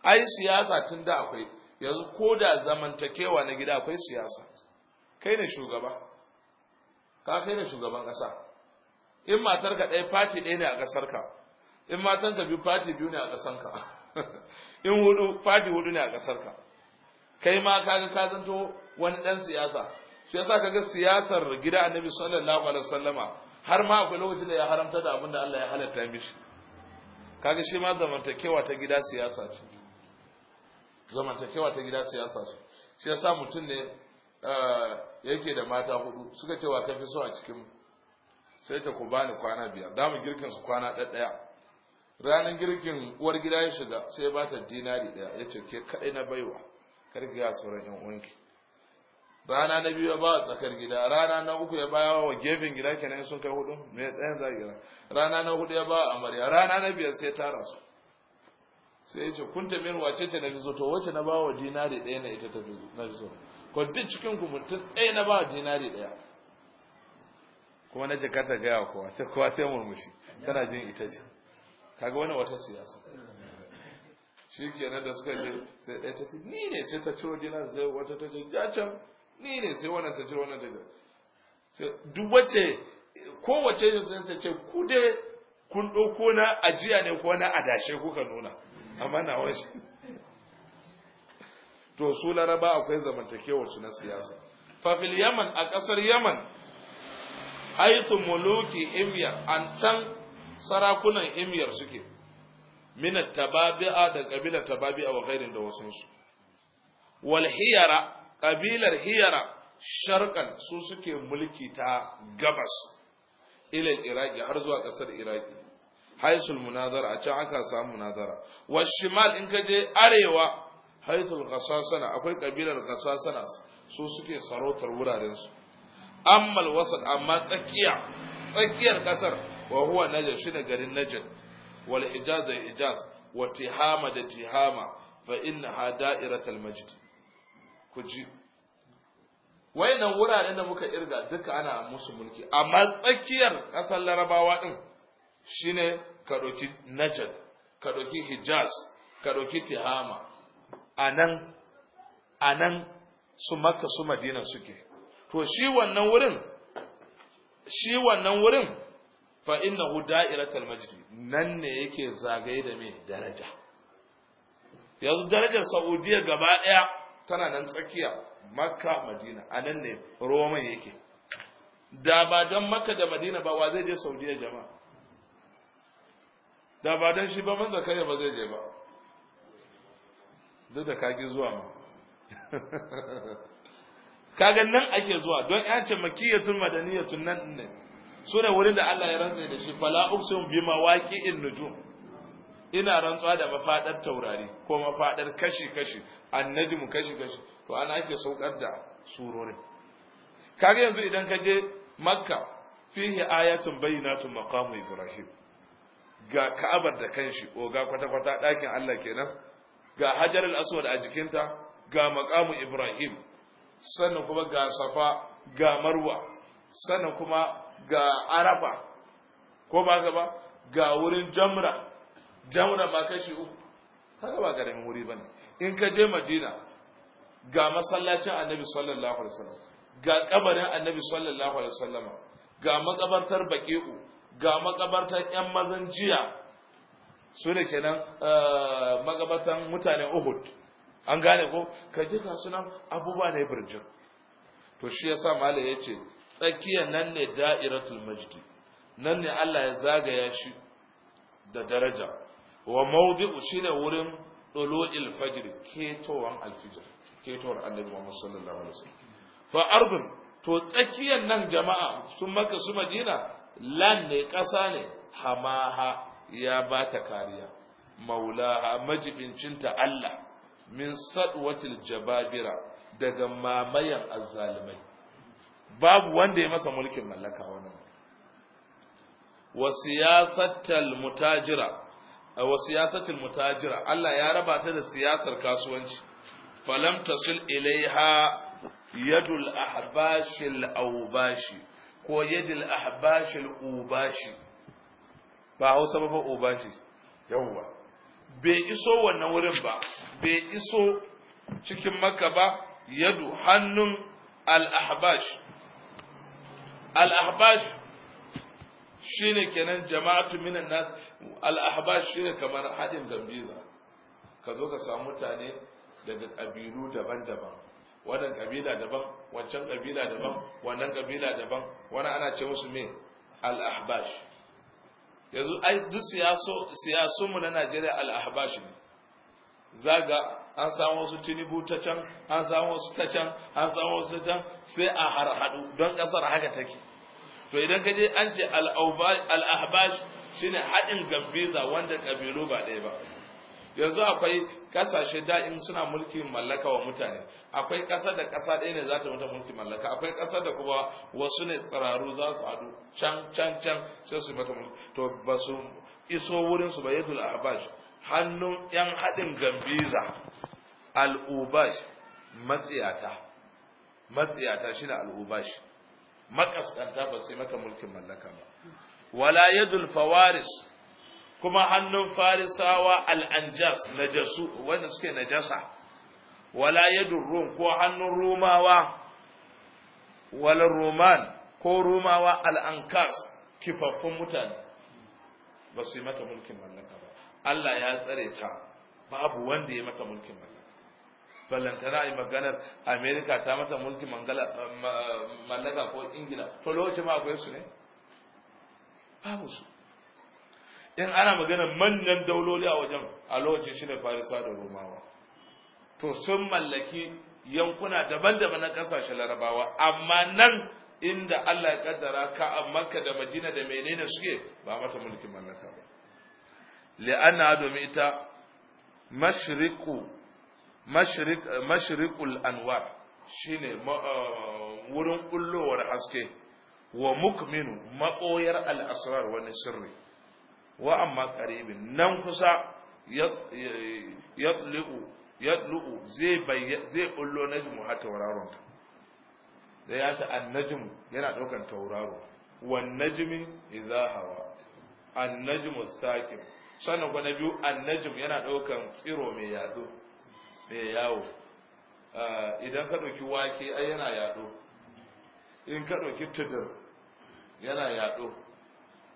ai siyasa tun da akwai yanzu ko da zamantakewa na gida akwai siyasa kai ne shugaba ka kai ne shugaban ƙasa in matar ka ɗaya fati ɗaya ne a ƙasar ka in matan ka biyu fati biyu ne a ƙasar ka in hudu fati hudu ne a ƙasar ka kai ma kaga ka zanto wani ɗan siyasa shi yasa kaga siyasar gida annabi sallallahu alaihi wasallama har ma akwai lokacin da ya haramta da abin da Allah ya halatta mishi kaga shi ma zamantakewa ta gida siyasa ce zamantakewa ta gida siyasa su shi sa mutum ne eh, yake da mata hudu suka ce wa kafi so a cikin sai ta ku bani kwana biyar damu girkin su kwana ɗaya ranar girkin uwar gida ya shiga sai ya bata dinari ɗaya ya ce ke kaɗai na baiwa karki ya sauran yan uwanki rana na biyu ya ba tsakar gida rana na uku ya baya wa gefen gida kenan sun kai hudu me tsayin za gida rana na hudu ya ba amarya rana na biyar sai tara su sai ya ce kun tambayar wace ce na gizo to wace na bawa dinari ɗaya na ita ta na gizo ko duk cikin ku mutum ɗaya na bawa dinari ɗaya kuma na ce kar ta gaya kowa sai kowa sai murmushi tana jin ita ce kaga wani wata siyasa shi ke nan da suka ce sai ɗaya ta ce ni ne sai ta ciro dinar sai wata ta ce ya ni ne sai wannan ta ciro wannan ta ce duk wacce kowace wace sai ta ce ku dai kun ɗauko na ajiya ne ko na adashe kuka nuna amma na wasu to su laraba akwai zamantakewarsu na siyasa fafil yaman a ƙasar yaman haitu muluki imiyar, an can sarakunan imiyar suke minat tababi'a da ƙabilar tababi'a wa gairin da wasansu wal hiyara ƙabilar hiyara sharkan su suke mulki ta gabas ilal iraki har zuwa ƙasar iraki haisul munazara a can aka samu munazara wa shimal in ka je arewa haisul qasasana akwai kabilar qasasana su suke sarautar wuraren su ammal wasat amma tsakiya tsakiyar kasar wa huwa najd da garin najd wal Ijaz da Ijaz wa tihama da tihama fa ha da'iratul majd ku ji wayannan wuraren da muka irga duka ana musu mulki amma tsakiyar kasar larabawa din shine ka ɗauki najad ka ɗauki hijaz ka ɗauki tihama a nan su makka su madina suke to shi wannan wurin shi wannan wurin fa innahu da'iratul majdi nan ne yake zagaye da mai daraja yanzu darajar saudiya gaba daya tana nan tsakiya makka madina a nan ne roman yake da ba don makka da madina ba wa zai je saudiya jama'a da ba dan shi ba man zakariya ba zai je ba duk da kage zuwa ma kaga nan ake zuwa don ya ce makiyatun madaniyatun nan ne su ne wurin da Allah ya rantsa da shi fala uksum bi mawaqi'in nujum ina rantsuwa da mafadar taurari ko mafadar kashi kashi annajmu kashi kashi to ana ake saukar da surorin kaga yanzu idan ka je makka fihi ayatun bayyinatun maqamu ibrahim ga ka'abar da kanshi oga kwata-kwata ɗakin Allah kenan ga hajar aswad a jikinta ga makamu ibrahim sannan kuma ga safa ga marwa sannan kuma ga arafa ko ba ka ba ga wurin jamra jamra ma kashi uku haka ba garamin wuri ba ne in ka je madina ga masallacin annabi sallallahu alaihi wasallam ga kabarin annabi sallallahu alaihi wasallam ga makabartar baki'u ga makabartan yan mazan jiya su da kenan eh, magabatan mutanen uhud an gane ko ka ji ka sunan abubuwa ne birjin to shi ya sa malam ya ce tsakiyar nan ne da'iratul majdi nan ne Allah ya zagaya shi da daraja wa mawdi'u shine wurin dulu'il fajr ketowar alfijir ketowar annabi Muhammad sallallahu alaihi wasallam fa to tsakiyar nan jama'a sun maka su madina lan ne ƙasa ne hamaha ya ba ta kariya maulaha majibincinta Allah min sadwatil jababira daga mamayan azzalimai babu wanda ya masa mulkin mallaka wannan wa siyasatal mutajira wa siyasatil mutajira Allah ya raba ta da siyasar kasuwanci falam tasil ilaiha yadul ahbashil awbashi ko yadil ahbashil ubashi ba hausa ba ba ubashi yawwa bai iso wannan wurin ba bai iso cikin makka ba yadu hannun al-ahbash al-ahbash shine kenan jama'atu minan nas al-ahbash shine kamar hadin gambiza ka zo ka samu mutane daga kabilu daban-daban wannan kabila daban wancan kabila daban wannan kabila daban wani ana ce musu me al-ahbash yanzu ai duk siyaso mu na Najeriya al-ahbash ne zaga an samu wasu tinubu ta can an samu wasu ta can an samu wasu ta sai a harhadu don ƙasar haka take to idan ka je an ce al-ahbash shine haɗin gambiza wanda kabilu ba ɗaya ba yanzu akwai kasashe da'in suna mulkin mallaka wa mutane akwai ƙasa da ƙasa ɗaya ne za ta mutu mulkin mallaka akwai ƙasa da kuma wasu ne tsiraru za su haɗu can can can sai su mata mulki to ba su iso wurin su ba yadul abash hannun yan haɗin gambiza al'ubash matsiyata matsiyata shi da al'ubash makaskanta ba sai maka mulkin mallaka ba wala yadul fawaris kuma hannun farisawa al'anjas najasu wanda suke na jasa, wala yadun rum ko hannun rumawa wala roman ko rumawa al'ankas kifaffun mutane ba su yi mata mulkin mallaka ba Allah ya tsare ta babu wanda ya mata mulkin mallaka ballantana yi maganar amerika ta mata mulkin mallaka ko ingila to lokacin ma akwai su ne babu su in ana magana manyan dauloli a wajen a lokacin shi ne farisa da romawa to sun mallaki yankuna daban-daban na kasashe larabawa amma nan inda Allah ya kaddara ka a makka da madina da menene suke ba mata mulkin mallaka ba li'anna domin ita mashriqu mashriq mashriqul anwar shine uh, wurin kullowar haske wa mukminu maɓoyar al'asrar wani sirri wa amma qaribin nan kusa yadlu yadlu zai zai bullo najmu hatta tauraron ta da ya ta annajmu yana daukan tauraro wan najmi idza hawa annajmu sakin, sannan kuma na biyu annajmu yana daukan tsiro mai yado mai yawo ah, idan ka dauki wake ai yana yado in ka dauki tudur yana yado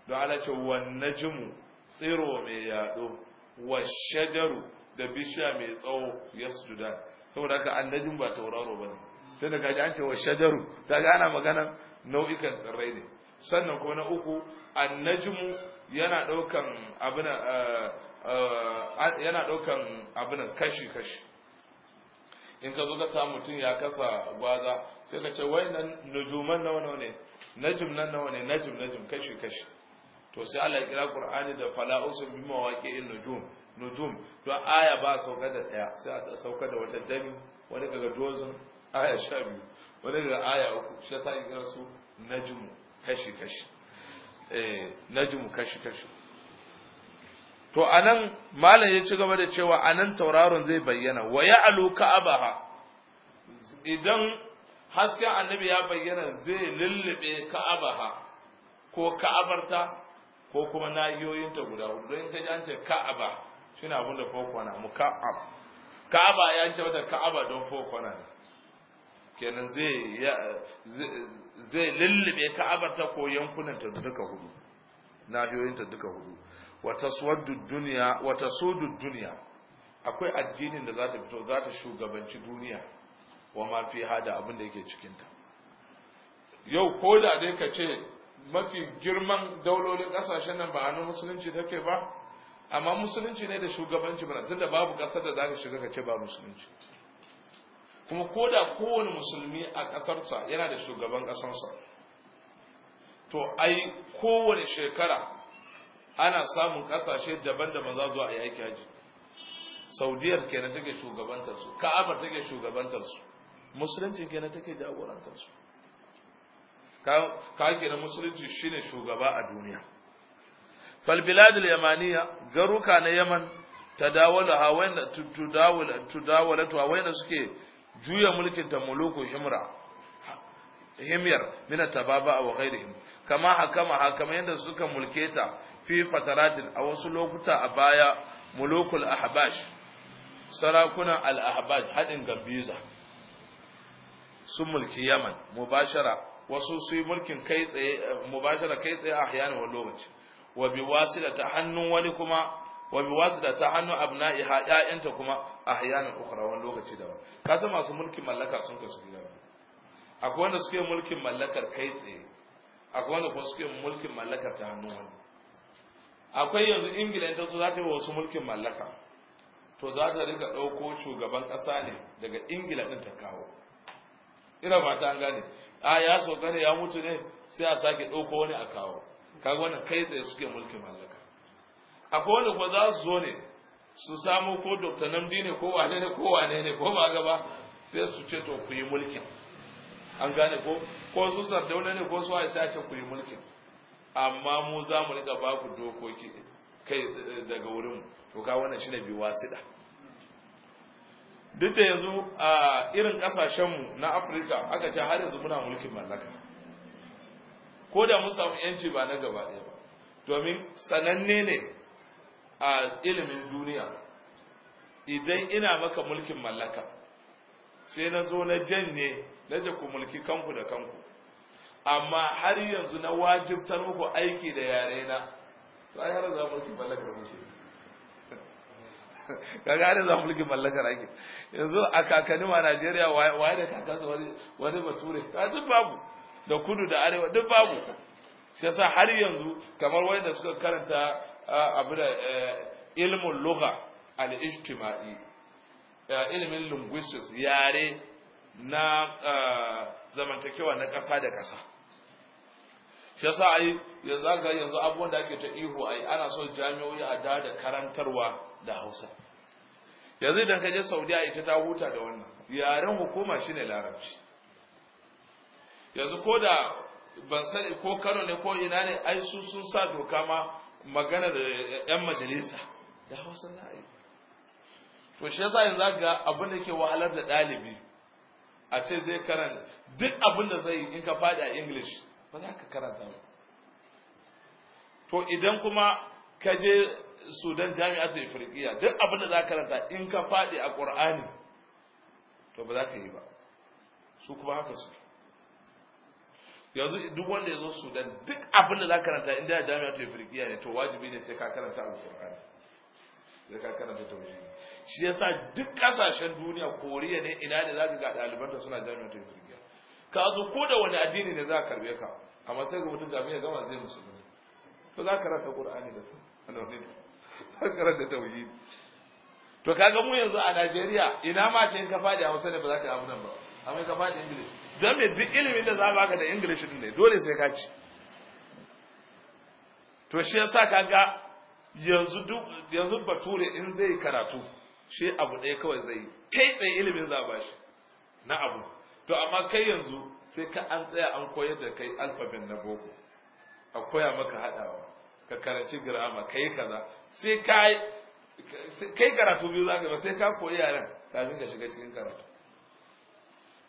don ala ce wannan jimu tsiro mai yaɗo wa shajaru da bishiya mai tsawo ya sujuda saboda haka annajin ba tauraro ba ne sai da kaji an ce wa shajaru ta gana ana magana nau'ikan tsirrai ne sannan ko na uku annajimu yana ɗaukan abin eh, eh, yana ɗaukan abin kashi-kashi in ka zo ka samu mutum ya kasa gwaza sai ka ce wai nan nujuman nawa nawa ne najim nan nawa ne najim najim kashi-kashi to sai Allah ya kira Qur'ani da fala usul bi mawaqi'in nujum nujum to aya ba sauka da daya sai a sauka da wata dami wani daga dozin aya sha biyu wani daga aya uku sai ta kira su najum kashi kashi eh najum kashi kashi to anan malam ya ci gaba da cewa anan tauraron zai bayyana wa ya'lu ka'abaha idan hasken annabi ya bayyana zai lullube ka'abaha ko ka'abarta ko kuma nahiyoyinta guda hudu don ka ji an ce ka'aba shine abin da fokona mu ka'ab ka'aba ya ce mata ka'aba don fokona kenan zai zai lullube ka'abar ta ko yankunan ta duka hudu nahiyoyin ta duka hudu Wata taswaddu duniya wa akwai addinin da za ta fito za ta shugabanci duniya wa ma fi hada abin da yake cikinta yau ko da dai ka ce mafi girman daulolin kasashen nan ba hannun musulunci take ba amma musulunci ne da shugabanci bana tunda babu kasar da zaka shiga ka ce ba musulunci kuma ko da kowane musulmi a ƙasarsa yana da shugaban ƙasarsa to ai kowane shekara ana samun kasashe daban-daban za zuwa a yaki haji saudiyar kenan take shugabantarsu ka'abar take shugabantarsu musulunci kenan take jagorantarsu ka na musulunci shine shugaba a duniya falbilad yamaniya garuka na yaman tadawalu hawaina tudawala tudawalatu suke juya mulkin ta muluku himra himyar min tababa wa ghairihim kama hakama hakama yanda suka mulke ta fi fataratin a wasu lokuta a baya mulukul ahbash sarakunan al ahbash hadin gambiza sun mulki yaman mubashara wasu su yi mulkin kai tsaye mubashara kai tsaye a hayanin wani lokaci wa bi da ta hannun wani kuma wa bi da ta hannun abna'i ha ƴaƴanta kuma a hayanin ukhra wani lokaci daban ka san masu mulkin mallaka sun kasu gida akwai wanda suke mulkin mallakar kai tsaye akwai wanda kuma suke mulkin mallakar ta hannun wani akwai yanzu ingila ta su za ta yi wasu mulkin mallaka to za ta riga ɗauko shugaban ƙasa ne daga ingila ɗin ta kawo ina ba ta gane a ya sauka ne ya mutu ne sai a sake ɗauko wani a kawo kaga wannan kai tsaye suke mulkin mallaka akwai wani kuma za su zo ne su samu ko dokta namdi ne ko wane ne ko wane ne ko ba gaba sai su ce to ku yi mulkin an gane ko ko su sardauna ne ko su a sai ce ku yi mulkin amma mu za mu riƙa ba ku dokoki kai daga wurin to ka wannan shine biwasida duk da yanzu a irin kasashenmu na afirka aka ce har yanzu muna mulkin mallaka ko da mun samu yanci ba na gaba ɗaya ba domin sananne ne a ilimin duniya idan ina maka mulkin mallaka sai na zo na janye na je ku mulki kanku da kanku amma har yanzu na wajibtar muku aiki da yare na to yi har za mulkin mallaka da mulki kaga har yanzu mulkin mallakar ake yanzu a kakanni ma Najeriya waye da kakansa wani wani bature ta duk babu da kudu da arewa duk babu shi yasa har yanzu kamar wanda suka karanta abu da e, ilmin lugha al-ijtima'i e, ilmin linguistics yare na e, zamantakewa na kasa da kasa. shi yasa ai yanzu aka yanzu abubuwan da ake ta ihu ai ana son jami'o'i a da da karantarwa da Hausa yanzu idan ka je Saudi ita ta huta da wannan yaren hukuma shine larabci yanzu ko da ban sani ko Kano ne ko ina ne ai su sun sa doka ma magana da yan majalisa da Hausa za ai to shi yasa yanzu ga abin da ke wahalar da ɗalibi a ce zai karanta duk abin da zai yi in ka faɗi a English ba za ka karanta ba to idan kuma ka je sudan ta ifirkiya duk abin da za ka karanta in ka faɗi a ƙur'ani to ba za ka yi ba su kuma haka su yanzu duk wanda ya zo sudan duk abin da za ka karanta in da ta ifirkiya ne to wajibi ne sai ka karanta alƙur'ani sai ka karanta tauhidi shi yasa duk kasashen duniya koriya ne ina ne za ka ga ɗalibanta suna suna ta ifirkiya ka zo ko da wani addini ne za a karbe ka amma sai ga mutum jami'a gama zai musulmi to za ka rasa qur'ani da su za ka rasa Tauhid? to kaga mu yanzu a Najeriya ina ma ce in ka fadi Hausa ne ba za ka yi abu nan ba amma ka fadi English don me duk ilimin da za ba ka da English din ne dole sai ka ci to shi yasa kaga yanzu duk yanzu bature in zai karatu shi abu ɗaya kawai zai yi kai tsaye ilimin za ba shi na abu to amma kai yanzu sai ka an tsaya an koyar da kai alfabin na boko a koya maka haɗawa ka karanci girama ka yi kaza sai ka kai karatu biyu za ka sai ka koyi yaren kafin ka shiga cikin karatu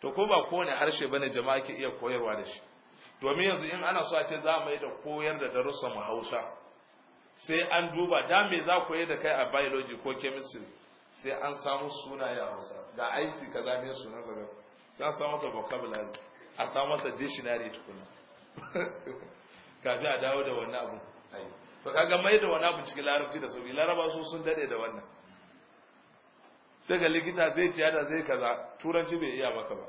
to ko ba kowane harshe bane jama'a ke iya koyarwa da shi domin yanzu in ana so a ce za mu yi da koyar da darussan mu Hausa sai an duba da me za ku yi da kai a biology ko chemistry sai an samu sunaye a Hausa ga IC kaza ne sunansa ga sai a masa vocabulary a samu masa dictionary tukuna kafin a dawo da wannan abu to kaga mai da wani abu cikin larabci da sauki laraba su sun dade da wannan sai ga likita zai tiyata zai kaza turanci bai iya maka ba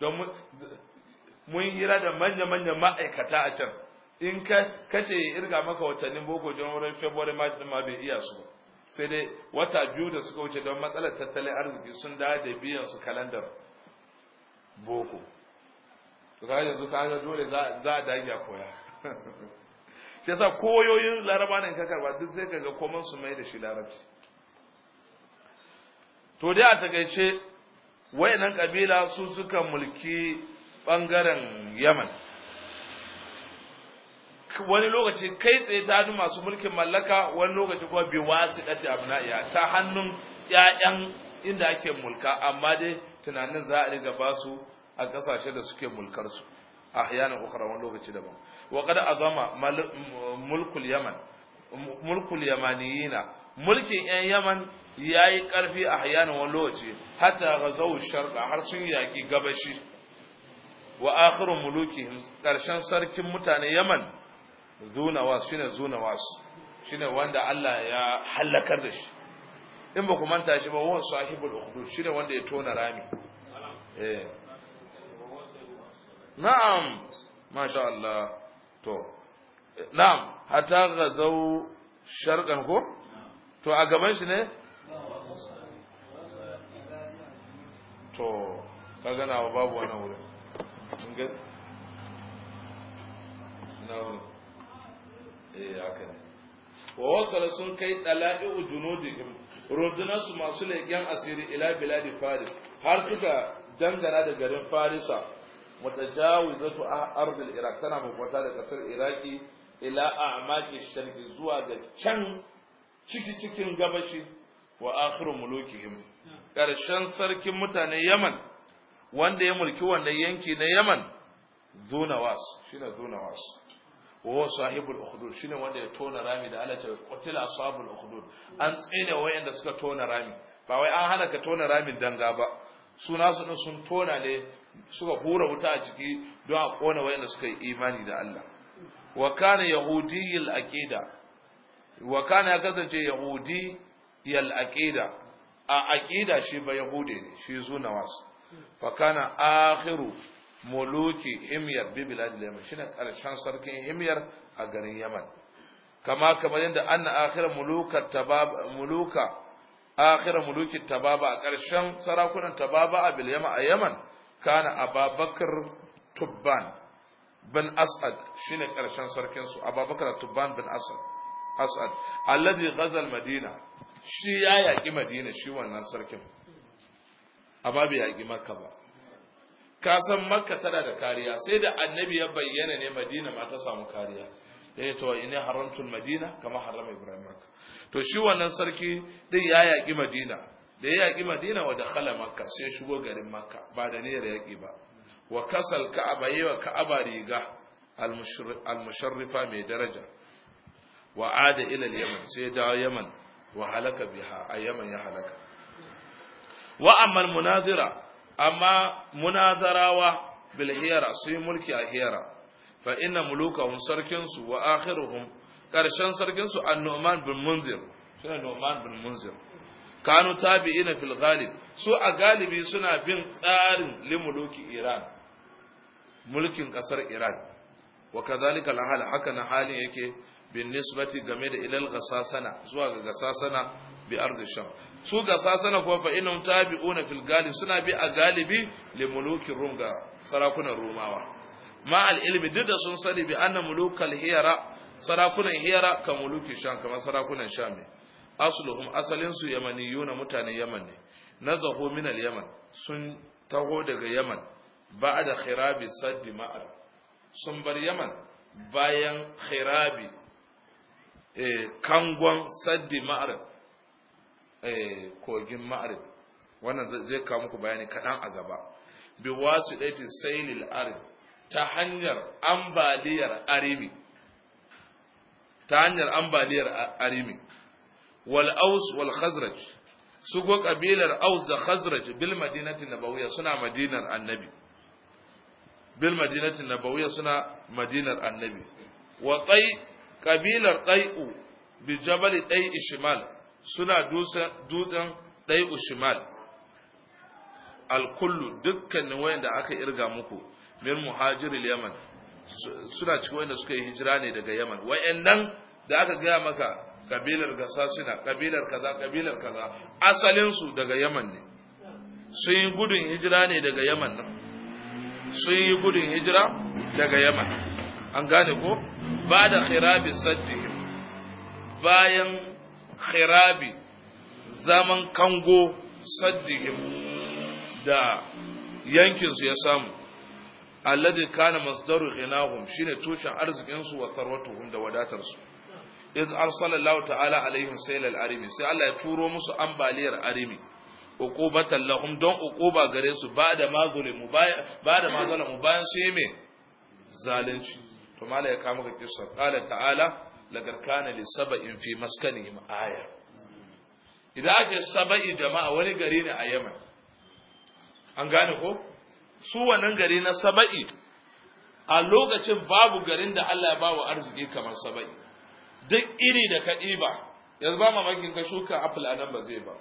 don mun hira da manya manya ma'aikata a can in ka ce irga maka watannin boko jan wurin february ma bai iya su ba sai dai wata biyu da suka wuce don matsalar tattalin arziki sun da da biyan su kalandar boko to kaga yanzu dole za a dage a koya sai sa koyoyin laraba ne ka ba duk sai kaga komai su mai da shi larabci to dai a takaice wayannan kabila su suka mulki bangaren yaman wani lokaci kai tsaye ta ji masu mulkin mallaka wani lokaci kuma bi wasu ɗafi iya. ta hannun ‘ya'yan inda ake mulka amma dai tunanin za a riga ba su a ƙasashe da suke mulkar su a yanar ukra wani lokaci daban wa kada azama mulkul yaman mulkul yamaniyina mulkin ‘yan yaman ya yi ƙarfi a hayanin wani lokaci hatta ga zau sharɗa har sun yaki gabashi wa akhirun mulukihim ƙarshen sarkin mutane yaman zunawas shine zunawas shine wanda Allah ya halakar da shi in ba ku manta shi ba wa sahibul ukhdud shine wanda ya tona rami eh na'am masha Allah to na'am hatta gazau sharqan ko to a gaban shi ne to kaga na babu wannan wurin na na'am eh haka ne wa wasala sun kai dala'i'u junudihim masu leƙen asiri ila biladi faris har suka dangana da garin farisa mutajawizatu ardil iraq tana makwata da kasar iraki ila a'maki sharqi zuwa ga can ciki cikin gabashi wa akhiru mulukihim karshen sarkin mutane yaman wanda ya mulki wannan yanki na yaman zunawas shine wasu. wa sahibul ukhdud shine wanda ya tona rami da Allah ta qutila ashabul ukhdud an tsine wayanda suka tona rami ba wai an hana ka tona ramin danga ba suna su sun tona ne suka hura wuta a ciki don a kona wayanda suka yi imani da Allah wa kana yahudiyyal aqida wa kana ya kasance yahudi yal aqida a aqida shi ba yahude ne shi zunawas fa kana akhiru muluki himyar bibilad yaman shine karshen sarkin himyar a garin yaman kama kamar yadda anna na muluka tababa muluka akhira muluki tababa a karshen sarakunan tababa a bil yaman a yaman kana ababakar tubban bin asad shine karshen sarkin su ababakar tubban bin asad asad alladhi ghaza al madina shi ya yaki madina shi wannan sarkin amma bai yaki makka ba ka san makka tana da kariya sai da annabi ya bayyana ne madina ma ta samu kariya ya yi tawa ina haramtul madina kama harama ibrahim makka to shi wannan sarki din ya yaƙi madina da ya yaƙi madina wa dakhala makka sai shigo garin makka ba da niyyar yaƙi ba wa kasal ka'aba yi wa ka'aba riga al-musharrifa mai daraja wa ada ila yaman sai da yaman wa halaka biha a yaman ya halaka wa amma munazira amma munazarawa bil hiyara yi mulki a hiyara fa inna mulukahum sarkinsu wa akhiruhum karshen sarkinsu annuman bin munzir bin munzir kanu tabi'ina fil ghalib su a galibi suna bin tsarin limuluki iran mulkin ƙasar iran wa kadhalika lahala haka na halin yake bin nisbati game da ilal gasasana zuwa ga gasasana bi ardi sham su ga sasana kuma fa innahum tabi'una fil galib suna bi a galibi li mulukin rum ga sarakunan rumawa ma al ilmi duk da sun sani bi anna mulukal hiyara sarakunan hiyara ka muluki sham kamar sarakunan sham ne asluhum asalin su yamaniyuna mutanen yaman ne nazahu min al yaman sun taho daga yaman ba'da khirabi saddi ma'ar sun bar yaman bayan khirabi eh, kangon saddi ma'ar Eh, kogin ma'arif wannan zai kawo muku bayani kaɗan a gaba bi wasu ɗaitin sailil arib ta hanyar ambaliyar arimi ta hanyar ambaliyar arimi wal aus wal khazraj su go kabilar aus da khazraj bil madinati nabawiyya suna madinar annabi bil madinati nabawiyya suna madinar annabi wa qai kabilar qai'u bi jabal qai shimal suna dutsen ɗai ushimal alkullu dukkanin wayanda aka irga muku min muhajiril yaman suna cikin wayanda suka yi hijira ne daga yaman wayannan da aka gaya maka kabilar suna kabilar kaza kabilar kaza asalinsu daga yaman ne sun yi gudun hijira ne daga yaman nan sun yi gudun hijira daga yaman an gane ko ba da khirabi saddihim bayan khirabi zaman kango saddihim da yankinsu ya samu alladhi kana masdaru ghinahum shine tushen arzikinsu wa tharwatuhum da wadatarsu iz arsala Allah ta'ala alaihim sayl al-arimi sai Allah ya turo musu ambaliyar arimi uqubatan lahum don uquba gare su bada da ma zulimu ma bayan sai me zalunci to mala ya kama ka kisa qala ta'ala Lagar kana li saba'in fi maskanihim aya idan aka saba'i jama'a wani gari ne a yaman an gane ko su wannan gari na saba'i a lokacin babu garin da Allah ya ba arziki kamar saba'i duk iri da ka ɗiba yanzu ba mamakin ka shuka apple a nan ba zai ba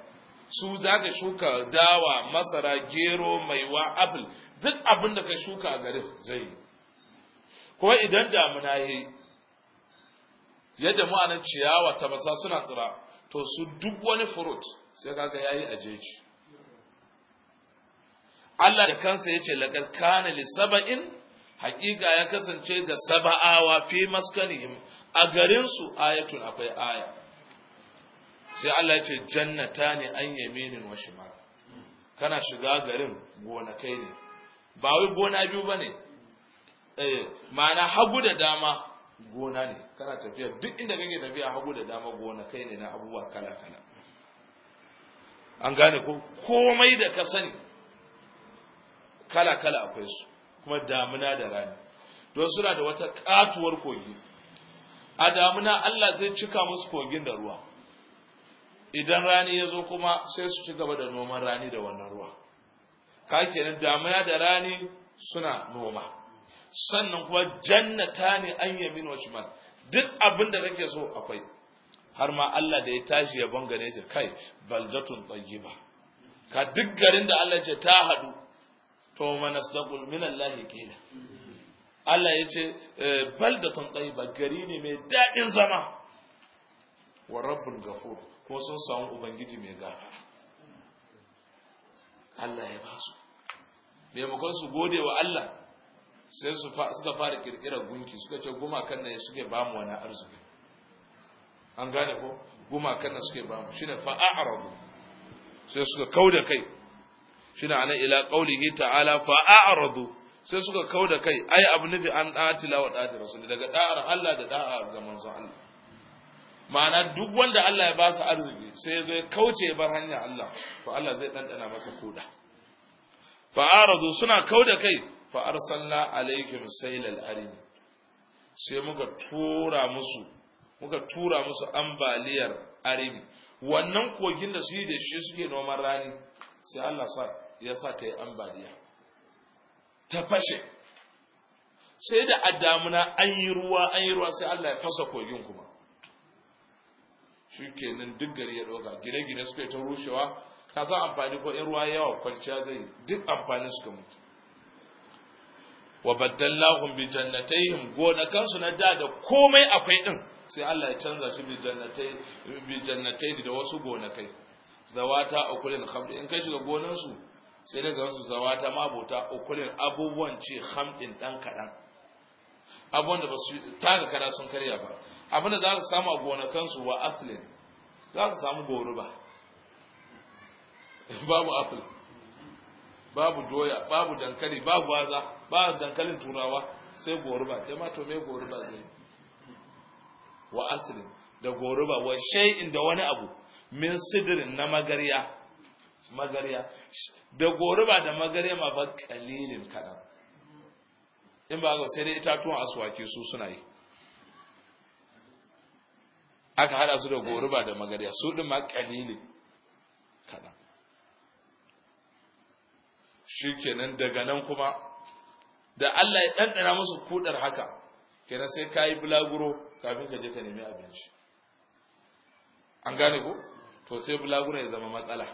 su za ka shuka dawa masara gero maiwa apple duk abin da ka shuka a garin zai yi kuma idan damuna ya yi yadda ma'ana ciyawa ta basa suna tsira to su duk wani furut sai kaga yayi a Allah da kansa yace laqad kana li saba'in haƙiƙa ya kasance ga saba'awa fi maskanihim a garin ayatun akwai aya sai Allah ya jannatani an yaminin wa shimal kana shiga garin gonakai ne ba wai gona biyu bane eh ma'ana hagu da dama gona ne kana tafiya duk inda kake tafiya hagu da dama gona kai ne na abubuwa kala kala an gane ko komai da ka sani kala kala akwai su kuma damuna da rani don suna da wata katuwar kogi a damuna Allah zai cika musu kogin da ruwa idan rani ya zo kuma sai su ci gaba da noman rani da wannan ruwa ka kenan damuna da rani suna noma sannan kuwa jannata ne an yamin wa shimal duk abin da kake so akwai har ma Allah da ya tashi ya bangare ce kai baldatun tayyiba ka duk garin da Allah ce ta hadu to manasdaqul min Allah kila Allah ya ce eh, baldatun tayyiba gari ne mai dadin zama wa rabbul ghafur ko sun samu ubangiji mai gafara Allah ya ba su maimakon su gode wa Allah sai suka fara kirkirar gunki suka ce gumakan nan suke ba mu wani arziki an gane ko gumakan nan suke ba mu shine fa'arabu sai suka kauda kai shine ana ila qaulihi ta'ala fa'aradu sai suka kauda kai ai abu nabi an datila wa dati rasul daga da'ar Allah da da'a ga manzo Allah ma'ana duk wanda Allah ya ba su arziki sai ya zo ya kauce ya bar hanyar Allah to Allah zai ɗanɗana masa koda fa'aradu suna kauda kai fa arsalna alaihim sailal arini sai muka tura musu muka tura musu ambaliyar arini wannan kogin da su yi da shi suke noman rani sai Allah ya sa ta yi ambaliya ta fashe sai da a damuna an yi ruwa an yi ruwa sai Allah ya fasa kogin kuma shuke nan duk gari ya ɗauka gine-gine suka yi ta rushewa ka za amfani ko in ruwa yawa kwanciya zai duk amfani suka mutu wa baddallahum bi jannatayhim gonakan su na da da komai akwai din sai Allah ya canza shi bi jannatai bi jannatai da wasu gonakai zawata ukulin khamdin in kai shiga gonan su sai daga wasu zawata mabota ukulin abubuwan ce khamdin dan kadan abubuwan da ba su taga kada sun karya ba abinda za ka samu a gonakan su wa athlin za ka samu goruba babu apple babu doya babu dankali babu waza ba dankalin turawa sai goruba kai ma to me goruba zai wa asirin da goruba wa shay'in da wani abu min sidirin na magarya magarya da goruba da magarya ma ba kalilin kadan in ba ga sai dai itatuwan aswaki su suna yi aka hada su da goruba da magarya su din ma kalilin kadan shikenan daga nan kuma da Allah ya ɗanɗana musu kudar haka kenan sai ka yi bulaguro kafin ka je ka nemi abinci an gane ko to sai bulaguro ya zama matsala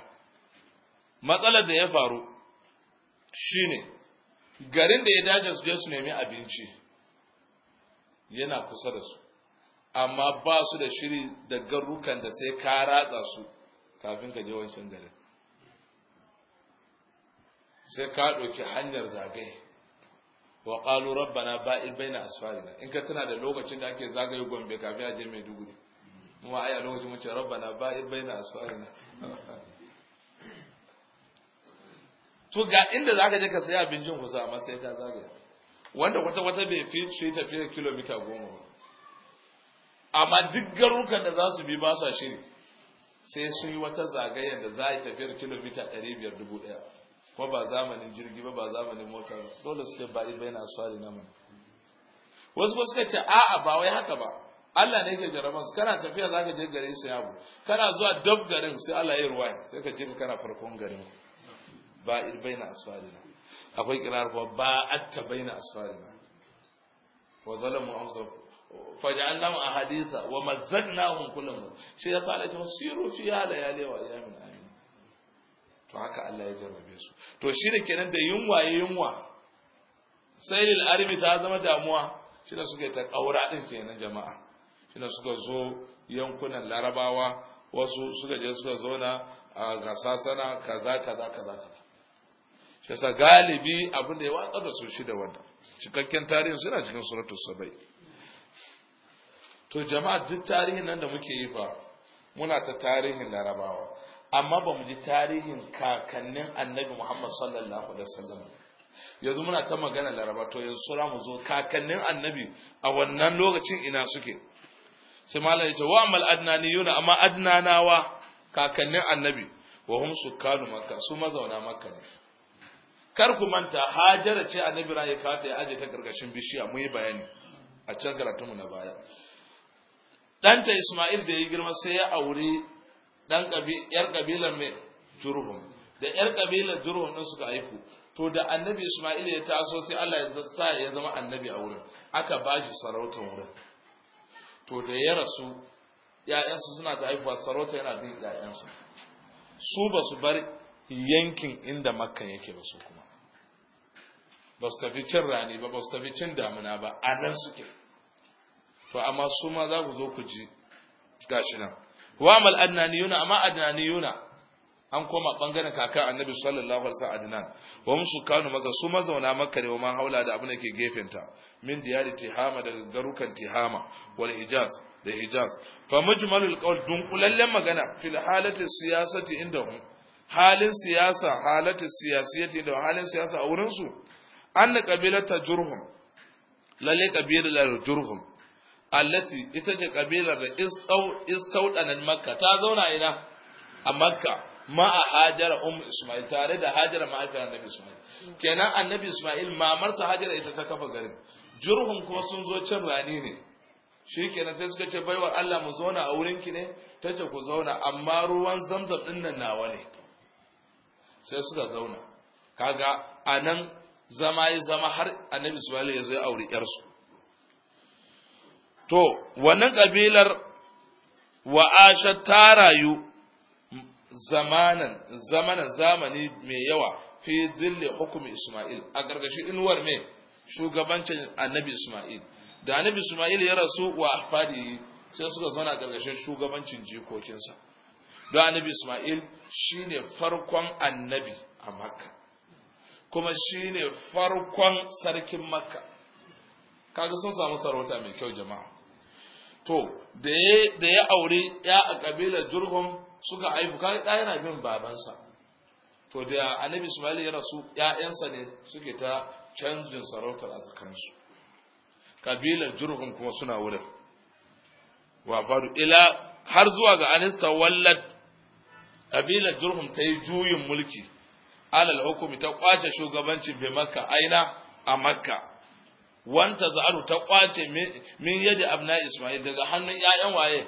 matsalar da ya faru shine garin da ya dace su je su nemi abinci yana kusa da su amma ba su da shiri da garukan da sai ka ratsa su kafin ka je wancan garin sai ka ɗauki hanyar zagaye wa qalu rabbana ba'id baina asfarina in ka tana da lokacin da ake zagaye gombe kafin a je mai Maiduguri mu ai a lokacin mun ce rabbana ba'id baina asfarina to ga inda zaka je ka sayi abincin kusa amma sai ka zagaye wanda wata wata bai fi shi tafiya kilomita goma ba amma duk garukan da za su bi ba sa shiri sai sun yi wata zagayen da za a yi tafiyar kilomita ɗari biyar dubu ɗaya ko ba zamanin jirgi ba ba zamanin mota ba dole suke baɗi bai na aswari na mana wasu ba suka ce a'a ba wai haka ba Allah ne yake jaraban su kana tafiya zaka je garin sai abu kana zuwa dab garin sai Allah ya ruwa sai ka je kana farkon garin ba na baina na akwai kirar ko ba atta baina asfarina wa zalamu amsaf a ahaditha wa mazzaqnahum kullam shi yasa Allah ya siru shi ya layali wa ayamin to haka Allah ya jarrabe su to shi da kenan da yunwa ya yunwa sai lil arimi ta zama damuwa shi da suke ta kaura din kenan jama'a shi da suka zo yankunan larabawa wasu suka je suka zauna a gasasana kaza kaza kaza kaza shi yasa galibi abin da ya watsar da su shi da wanda cikakken tarihin suna cikin suratul sabai to jama'a duk tarihin nan da muke yi fa muna ta tarihin larabawa amma ba mu ji tarihin kakannin annabi Muhammad sallallahu alaihi wasallam yanzu muna ta magana laraba to yanzu sura mu zo kakannin annabi a wannan lokacin ina suke sai malam yace wa amal adnaniyuna amma adnanawa kakannin annabi wa hum sukkanu makka su mazauna makka ne kar ku manta hajara ce annabi rayi ya kata ya aje ta karkashin bishiya mu yi bayani a can karatunmu na baya danta Ismail da ya girma sai ya aure dan yar kabilar mai jurhum da yar kabilar jurhum din suka aiku to da annabi Isma'il ya taso sai Allah ya sa ya zama annabi a wurin aka bashi sarautar wurin to da ya rasu ƴaƴansu suna ta haifuwa sarauta yana bin ‘ya'yansu su ba su bar yankin inda makkan yake ba su kuma ba su tafi cin rani ba ba su tafi cin damuna ba a nan suke to amma su ma za ku zo ku ji gashi nan wa mal adnaniyuna amma adnaniyuna an koma bangaren kakan annabi sallallahu alaihi wasallam adnan wa hum sukanu maka su mazauna makka ne wa haula da abin da ke gefenta min diyari tihama daga garukan tihama wal hijaz da hijaz fa mujmalul qawl dunkulallen magana fil halati siyasati indahum halin siyasa halati siyasiyati da halin siyasa a wurin su anna qabilata jurhum lalle qabilar jurhum allati ita ce kabilar da istaudanan makka ta zauna ina a makka ma a hajara Umar isma'il tare da hajara ma'aikar annabi isma'il kenan annabi isma'il mamarsa hajara ita ta kafa garin jurhun ko sun zo cin rani ne shi kenan sai suka ce baiwar Allah mu zauna a wurin ki ne ta ce ku zauna amma ruwan zamzam din nan nawa ne sai suka zauna kaga anan zama ya zama har annabi isma'il ya zai auri yarsu to wannan kabilar wa'asha ta rayu zamanan zamani mai yawa fi zille hukumin Ismail a gargashin inuwar mai shugabancin annabi Ismail da annabi Ismail ya rasu wa fadi sai suka zauna a gargashin shugabancin jikokinsa don annabi Ismail shine farkon annabi a Makka kuma shine farkon sarkin Makka kaga sun samu sarauta mai kyau jama'a to da ya aure ya a kabilar jurhum suka haifu kai da yana bin babansa to da annabi ismail ya rasu 'ya'yansa ne suke ta canjin sarautar a tsakaninsu kabilar jurhum kuma suna wurin wa faru ila har zuwa ga anista wallat kabilar jurhum ta yi juyin mulki alal hukumi ta kwace shugabancin bi makka aina a makka wanta za'aru ta kwace min yadda abna Ismail daga hannun 'ya'yan waye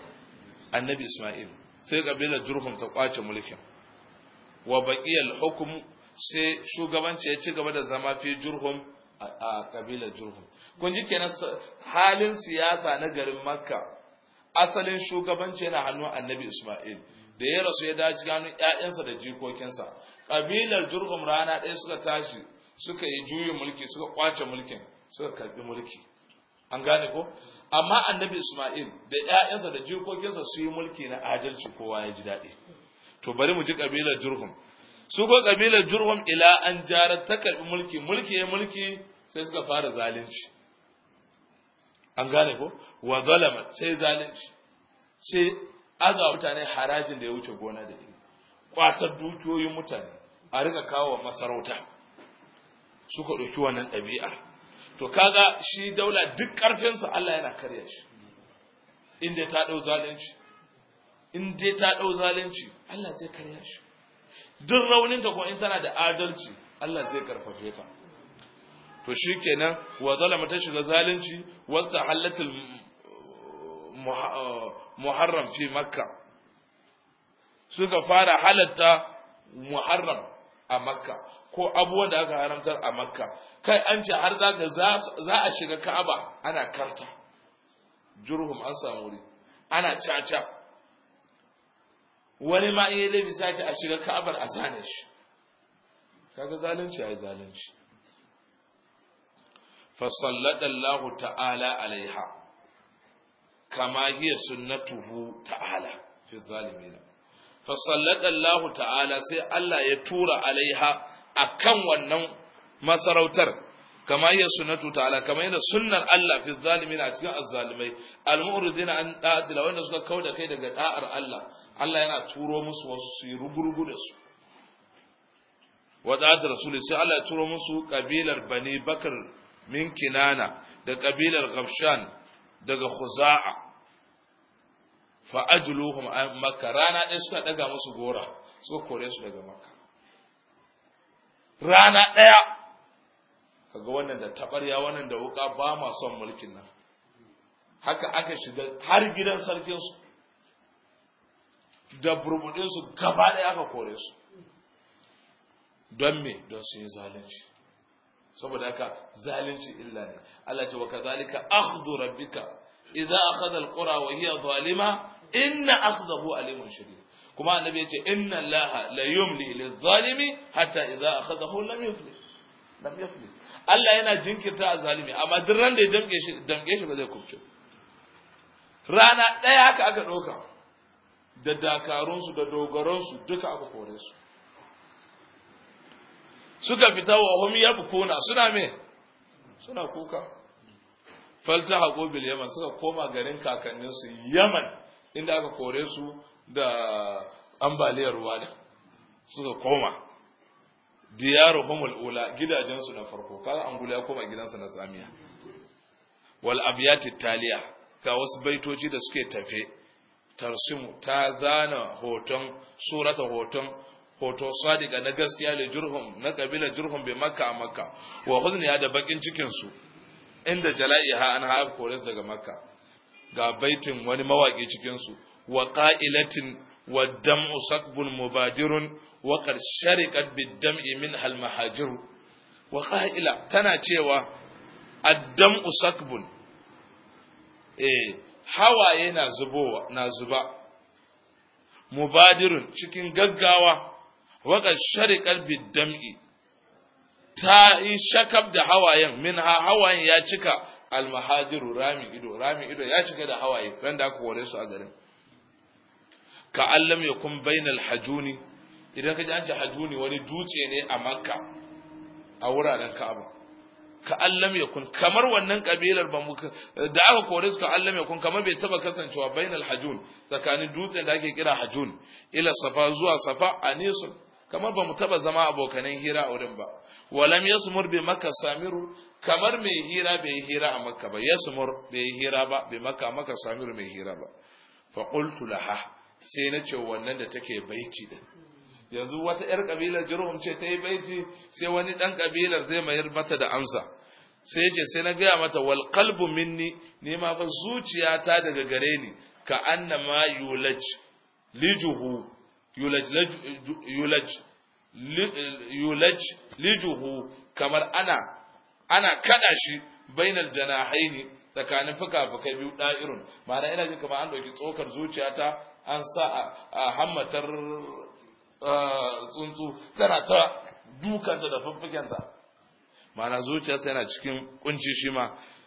annabi Ismail sai kabila Jurhum ta kwace mulkin wa baqiyal hukm sai shugabanci ya ci gaba da zama fi Jurhum a kabilar Jurhum kun ji kenan halin siyasa na garin Makka asalin shugabanci yana hannun annabi Ismail da ya rasu ya dace ganin 'ya'yansa da jikokinsa kabilar Jurhum rana ɗaya suka tashi suka yi juyin mulki suka kwace mulkin suka karbi mulki an gane ko amma annabi Isma'il da ƴaƴansa da jikokinsa su yi mulki na adalci kowa ya ji daɗi to bari mu ji kabilar Jurhum su ko kabilar Jurhum ila an jarar ta karbi mulki mulki ya mulki sai suka fara zalunci an gane ko wa zalama sai zalunci sai aza mutane harajin da ya wuce gona da iri kwasar dukiyoyin mutane a rika kawo masarauta suka ɗauki wannan ɗabi'ar to kaga shi daula duk ƙarfinsa Allah yana karya shi in dai ta ɗau zalunci in dai ta ɗau zalunci Allah zai karya shi duk rauninta ko in tana da adalci Allah zai karfafe ta to shi kenan wa zalama ta shiga zalunci wasta halatul muharram fi makka suka fara halatta muharram a makka ko abubuwan da aka haramtar a makka kai an ce har za a shiga ka'aba ana karta jurhum an samu wuri ana caca wani ma iya laifi sace a shiga ka'abar a zane shi kaga zalunci ya yi zalunci fasallada Allah ta'ala alaiha kama hiya sunnatuhu ta'ala fi zalimin fasallada Allah ta'ala sai Allah ya tura alaiha a kan wannan masarautar kama iya sunnatu ta'ala kama yadda sunnar Allah fi zalimin a cikin azzalimai al-mu'ridina an da'ati wanda suka kauda kai daga da'ar Allah Allah yana turo musu wasu su yi rugurgu da su wa da'at rasuli sai Allah ya turo musu kabilar Bani Bakar min Kinana da kabilar Ghabshan daga Khuza'a fa ajluhum makka rana ɗaya suka daga musu gora suka kore su daga makka rana ɗaya kaga wannan da taɓarya wannan da wuƙa ba ma son mulkin nan haka aka shiga har gidan sarkinsu da burbuɗinsu gaba ɗaya aka kore su don me don sun yi zalunci saboda haka zalunci illa ne Allah ce wa kadhalika akhdhu rabbika idza akhadha alqura wa hiya zalima inna akhdahu alimun shadid kuma annabi ya ce inna allaha la yumli zalimi, hatta idza akhadahu lam yuflih lam yuflih Allah yana jinkirta a zalimi amma duk ran da ya damke shi damke shi ba zai kubce rana ɗaya haka aka ɗauka da dakarunsu da su duka aka kore su suka fita wa hum yabkuna suna me suna kuka falta haƙo bil yaman suka koma garin kakanninsu yaman inda aka kore su da ambaliyar ruwa da suka koma diyaru humul ula gidajensu na farko kaga angula ya koma gidansa na tsamiya wal abiyati taliya ga wasu baitoci da suke tafe tarsimu ta zana hoton surata hoton hoto sadiqa na gaskiya da jurhum na kabila jurhum bai makka a makka wa ya da bakin cikinsu su inda jala'iha an haif korinsu daga makka ga baitin wani mawaƙi cikinsu. wa qa'ilatin wa dam'u sakbun mubadirun wa qad shariqat bid-dam'i min al-mahajir wa qa'ila tana cewa ad-dam'u sakbun eh hawaye na zubowa na zuba mubadirun cikin gaggawa wa qad shariqat bid-dam'i ta yi shakab da hawayen min ha hawayen ya cika al almahajiru rami ido rami ido ya cika da hawaye ran da aka su a garin ka allam ya kun bainal hajuni idan ka ji an ce hajuni wani dutse ne a makka a wuraren ka'aba ka allam ya kun. kamar wannan kabilar ba mu da aka kore ka allam ya kun, kamar bai taba kasancewa bainal hajun tsakanin dutsen da ake kira hajun ila safa zuwa safa anisun kamar ba mu taba zama abokanan hira a wurin ba walam yasmur bi makka samiru kamar mai hira bai hira a makka ba yasmur bai hira ba bi makka makka samiru mai hira ba fa qultu laha sai na ce wannan da take baiti din yanzu wata yar kabilar jirhum ce ta yi baiti sai wani dan kabilar zai mayar mata da amsa sai ce sai na gaya mata wal qalbu minni ni ma fa zuciyata daga gare ni ka annama yulaj lijuhu yulaj yulaj yulaj lijuhu kamar ana ana kada shi bainal janahaini tsakanin fuka fuka biyu irin.' ma'ana ina jin kamar an ɗauki tsokar zuciyata an sa a hammatar tsuntsu tana ta dukanta da faffikenta mana zuciyarsa yana cikin kunci shi ma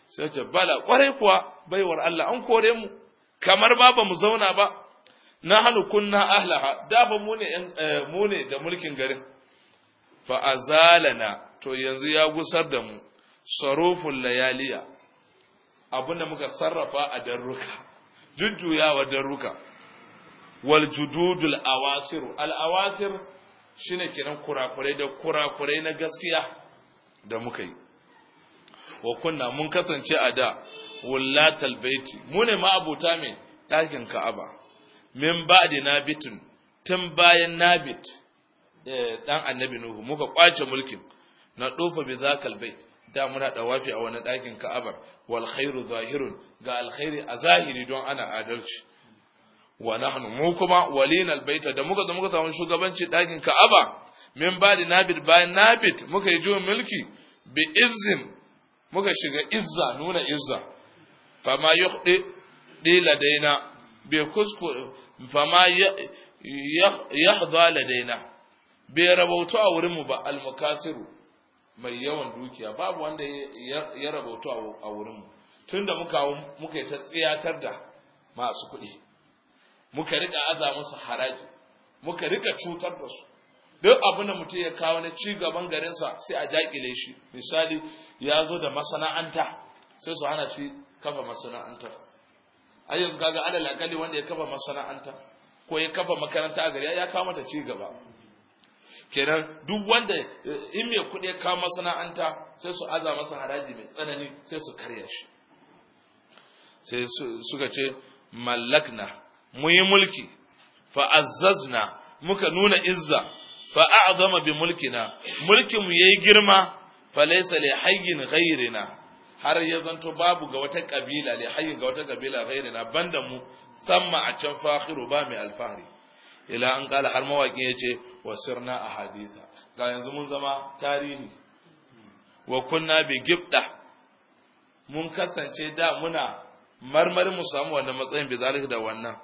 sai ce bala kwarai kuwa baiwar Allah an kore mu kamar ba ba mu zauna ba na hannu kunna ahlaha da ba eh, mu ne da mulkin garin fa azalana to yanzu ya gusar da mu saruful layaliya abinda muka sarrafa a darruka jujjuyawa darruka waljududul awasiru awasir al awasir shine kiran kurakurai da kurakurai na gaskiya da muka yi wa kunna mun kasance a da wullatal baiti mu ne ma me ɗakin ka'aba min da nabitin tun bayan nabit dan eh, annabi nuhu muka kwace mulkin na ɗofa bi za da muna ɗawafi a wani ɗakin ka'abar wal khairu zahirun ga alkhairi a zahiri don ana adalci wa nahnu mu kuma walinal Baita da muka da muka samu shugabanci dakin Ka'aba min badi nabit bayan nabit muka yi juyin mulki bi izzin muka shiga izza nuna izza fama yukhdi dila daina bi kusku fama yahdha ladaina bi rabautu a wurin mu ba Al-mukasiru, mai yawan dukiya babu wanda ya rabautu a wurin mu tunda muka muka ta tsiyatar da masu kuɗi muka rika aza musu haraji muka rika cutar da su duk abin da mutum ya kawo na ci gaban garinsa sai a jakile shi misali ya zo da masana'anta sai su hana shi kafa masana'anta a yanzu kaga akali wanda ya kafa masana'anta ko ya kafa makaranta a gari ya kawo mata ci gaba kenan duk wanda eh, in mai kuɗi ya kawo masana'anta sai su aza masa haraji mai tsanani sai su karya shi sai suka ce mallakna Muyi mulki fa azzazna muka nuna izza fa a'zama bi mulkina mulkin mu yayi girma fa laysa li hayyin ghayrina har ya zanto babu ga wata kabila li hayyin ga wata kabila ghayrina banda mu samma a can fakhiru ba mai alfahari ila an kala har mawaƙin ya ce wasirna a haditha ga yanzu mun zama tarihi wa kunna bi gibda mun kasance da muna marmarin mu samu wannan matsayin bi zalika da wannan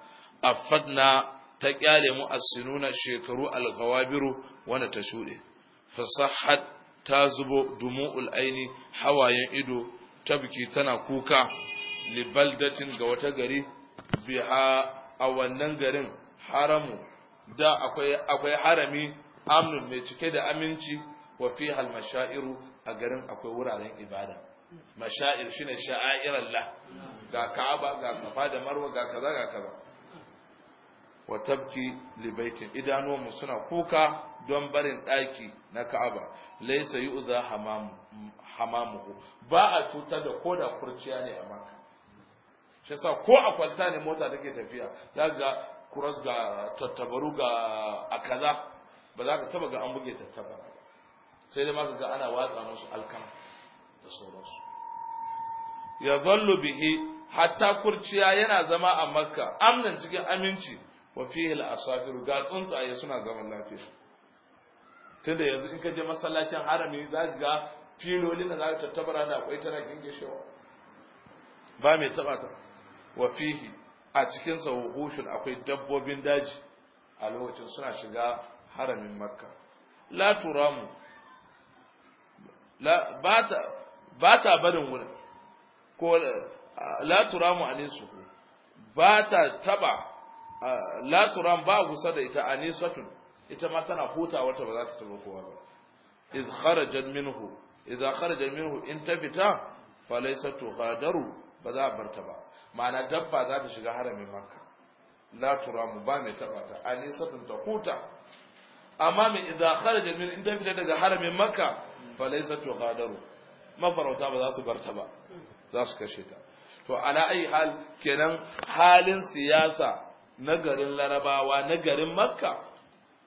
afadna ta kyale mu as sinuna shekaru al-ghawabiru wanda ta shude fasahat ta zubo dumu'ul aini hawayen ido tabki tana kuka li baldatin ga wata gari biha a wannan garin haramu da akwai akwai harami amnun mai cike da aminci wa fi mashairu a garin akwai wuraren ibada mashair shine sha'airallah ga ka'aba ga safa da marwa ga kaza ga kaza wa tabki li baitin idanuwanmu suna kuka don barin ɗaki na ka'aba laisa yu'za hamamuhu ba a cutar da koda kurciya ne a maka shi yasa ko a kwanta ne mota take tafiya za ga kuras ga tattabaru ga akaza ba za ka taba ga an buge tattabara sai dai maka ga ana watsa musu alkama da sauransu ya zallu bihi hatta kurciya yana zama a makka amnan cikin aminci wa fihi al-asafir ga tsuntsaye suna zaman lafiya tunda yanzu in ka je masallacin harami za ka ga filoli na za ka tattabara da akwai tana shawa ba mai taba ta wa fihi a cikin sa wuhushin akwai dabbobin daji a lokacin suna shiga haramin makka la turamu la ba ta barin wurin ko la turamu alaysu ba ta taba laturan ba gusa da ita anisatun ita ma tana huta wata ba za ta taba kowa ba iz kharajan minhu idza kharajan minhu in ta fita fa laysa tuhadaru ba za a barta ba ma'ana dabba za ta shiga haramin makka laturamu ba mai taba ta anisatun ta huta amma mai idza kharaja min in ta fita daga haramin makka fa laysa tuhadaru mafarauta ba za su barta ba za su kashe ta to ala ai hal kenan halin siyasa na garin larabawa na garin makka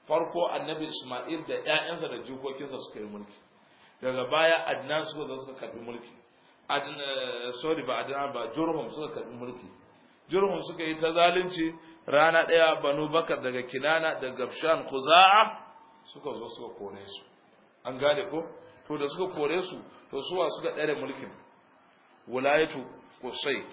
farko annabi isma'il da 'ya'yansa da jikokinsa suka yi mulki daga baya adnan suka zo suka karbi mulki eh, sorry ba adnan ba jurhum suka karbi mulki jurhum suka yi ta zalunci rana ɗaya banu bakar daga kinana da gabshan kuza'a suka zo suka kore su an gane ko to da suka kore su to suwa suka ɗare mulkin wulayatu kusai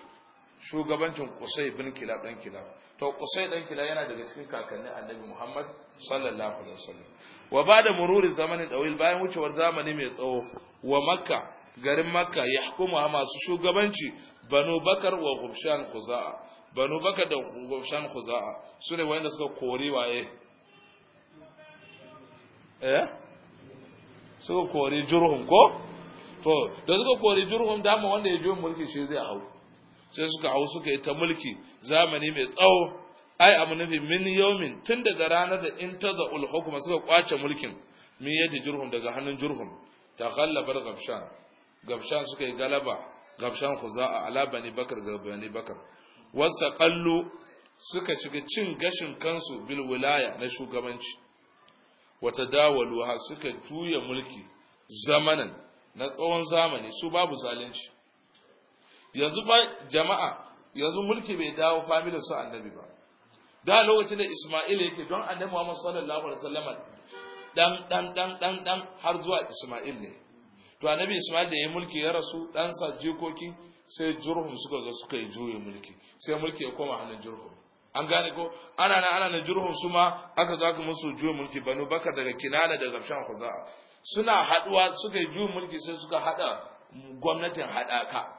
shugabancin kusai bin kilab ɗan kilab to kusai dan kila yana daga cikin kakannin annabi Muhammad sallallahu alaihi wasallam wa bada mururi zamanin dawil bayan wucewar zamani mai tsawo wa makka garin makka ya hukuma masu shugabanci banu bakar wa khubshan khuza'a banu bakar da khubshan khuza'a sune wanda suka kori waye eh suka kori jurhum ko to da suka kori jurhum dama wanda ya jiyo mulki shi zai hau sai suka hau suka yi ta mulki zamani mai tsawo ai abu nufi min yomin tun daga ranar da in ta za'ul hukuma suka kwace mulkin min yadda jirhun daga hannun jirhun ta kallabar gabshan gabshan suka yi galaba gabshan a ala bani bakar ga bani bakar wasta kallo suka shiga cin gashin kansu bil wilaya na shugabanci wata dawalwa suka juya mulki zamanan na tsawon zamani su babu zalunci yanzu ba jama'a yanzu mulki bai dawo familin su annabi ba da lokacin da Isma'il yake don annabi Muhammad sallallahu alaihi wasallam dan dan dan dan dan har zuwa Isma'il ne to annabi Isma'il da ya mulki ya rasu sa jikoki sai jurhum suka ga suka yi juye mulki sai mulki ya koma hannun jurhum an gane ko ana na ana na jurhum su ma aka za ku musu juye mulki banu baka daga kinana da zabshan khuza'a suna haduwa suka yi juye mulki sai suka hada gwamnatin hadaka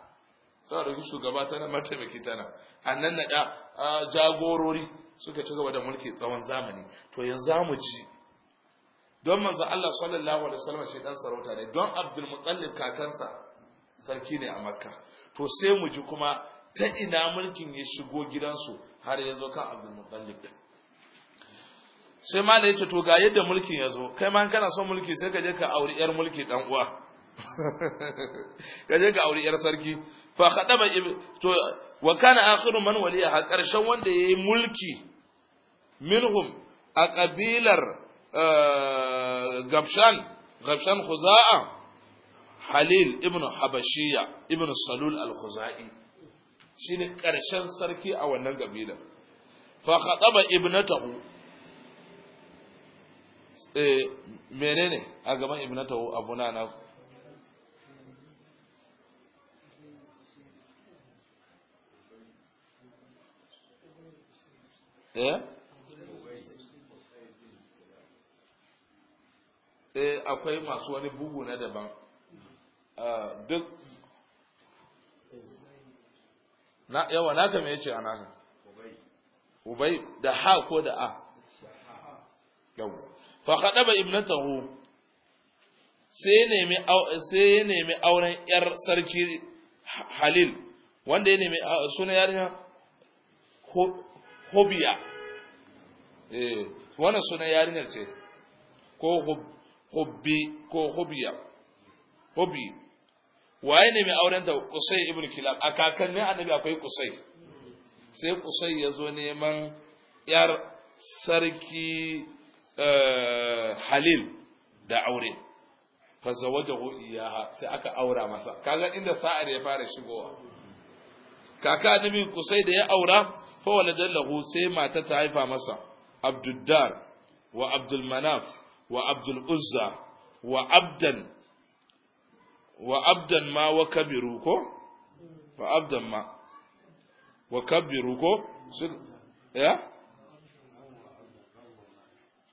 sai da shugaba tana mataimaki tana a nan na ɗa jagorori suka ci gaba da mulki tsawon zamani to yanzu za mu ci don manzo Allah sallallahu alaihi wasallam shi dan sarauta ne don Abdul Muttalib kakansa sarki ne a Makka to sai mu ji kuma ta ina mulkin ya shigo gidansu har ya zo kan Abdul Muttalib sai ma da yace to ga yadda mulkin ya zo kai ma kana son mulki sai ka je ka auri yar mulki dan uwa ka je ka auri yar sarki fa khadaba to wa kana akhiru man waliya ha karshen wanda yayi mulki minhum a kabilar eh, gabshan gabshan khuza'a halil ibn habashiya ibn salul al-khuzai shine karshen sarki a wannan kabilar fa khadaba ibnatahu eh, menene a gaban ibnatahu abuna na Eh? eh akwai masu wani bugu na daban ah, duk na yawa naka me yace anaka ubai da ha ko da a yawa fa khadaba ibnatahu sai nemi sai ya nemi auren yar sarki Halil wanda ya nemi ah, suna yarinya Hobiya Eh, wannan suna yarinyar ce ko hubbi ko hubiya hubbi waye ne mai auren ta kusai ibn Kilab a kakannin annabi akwai kusai, sai kusai ya zo neman yar sarki eh, Halil da aure fa zawajahu iyaha sai aka aura masa kaga inda sa'ar ya fara shigowa kaka annabi kusai da ya aura fa waladan lahu sai mata ta haifa masa عبد الدار وعبد المناف وعبد الأزة وعبدا وعبدا ما وكبروك وعبدا ما وكبروك يا إيه؟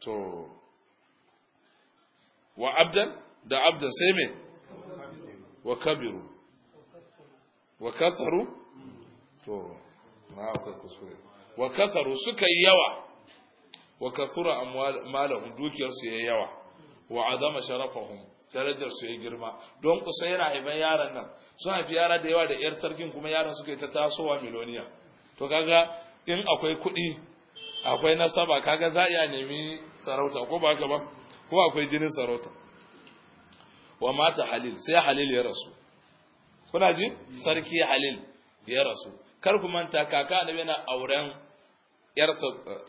تو وعبدا ده عبدا سيمي وكبروا وكثروا تو ما وكثروا سكي يوا wa kathura amwalahum dukiyar su yayi yawa wa azama sharafahum darajar su yayi girma don ku sai rahiban yaran nan sun haifi yara da yawa da yar sarkin kuma yaran suka ta tasowa miloniya to kaga in akwai kuɗi akwai nasaba kaga za a iya nemi sarauta ko ba ka ba ko akwai jinin sarauta wa mata halil sai halil ya rasu kuna ji sarki halil ya rasu kar ku manta kaka annabi yana auren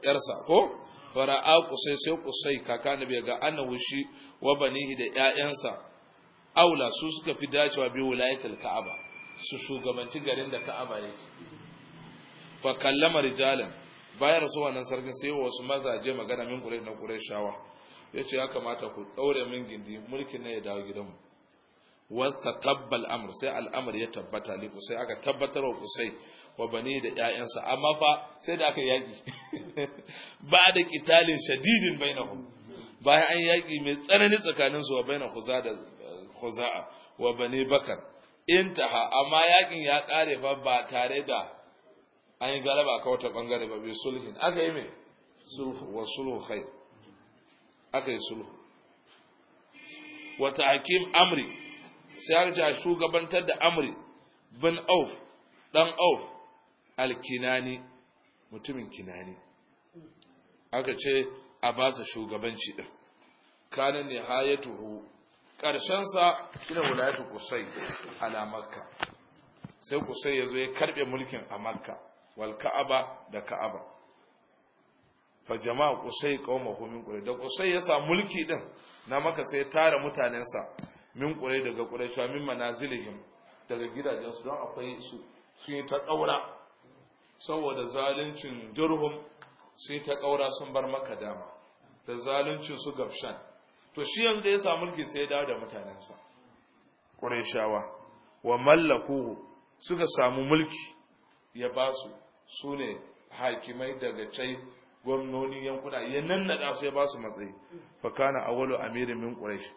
yarsa ko fara'a kusai sai kusai kaka na ga ana wushi wa banihi da ƴaƴansa aula su suka fi dacewa biyu wilayatul ka'aba su shugabanci garin da ka'aba yake fa kallama rijalan bayan rasuwa nan sarkin sai wasu mazaje magana min kurai na kurai shawa yace ya kamata ku daure min gindi mulkin ne ya dawo gidanmu wa tatabbal amr sai al'amr ya tabbata li kusai aka tabbatar wa kusai wa bane da ƴaƴansa amma fa sai da aka yaki ba da qitalin shadidin bainahum bayan an yaki mai tsanani tsakanin su wa baina khuza da eh, khuza'a wa bani bakar intaha amma yakin ya kare fa ba tare da an yi galaba ka wata bangare ba bi sulhin aka yi mai sulhu wa sulhu khair aka yi sulhu wa ta'kim amri sai aka shugabantar da amri bin auf dan auf alkinani mutumin kinani aka ce a ba su shugabanci din kana nihayatuhu karshensa shine wulayatu kusai ala makka sai kusai zo ya karɓe mulkin a makka wal ka'aba da ka'aba fa jama'a kusai qaumahu min quraish da kusai ya sa mulki ɗin na maka sai tara mutanensa min ƙuri daga quraish min manazilihim daga gidajensu don akwai su sun yi ta ɗaura saboda zaluncin jurhum sai ta ƙaura sun bar maka dama da zaluncin su gafshan to shi yanzu ya samu mulki sai ya dawo da mutanensa ƙureshawa wa mallaku suka samu mulki ya ba su su hakimai daga cai gwamnoni yankuna ya nannaɗa su ya ba su matsayi fa kana awwalu amirin min quraish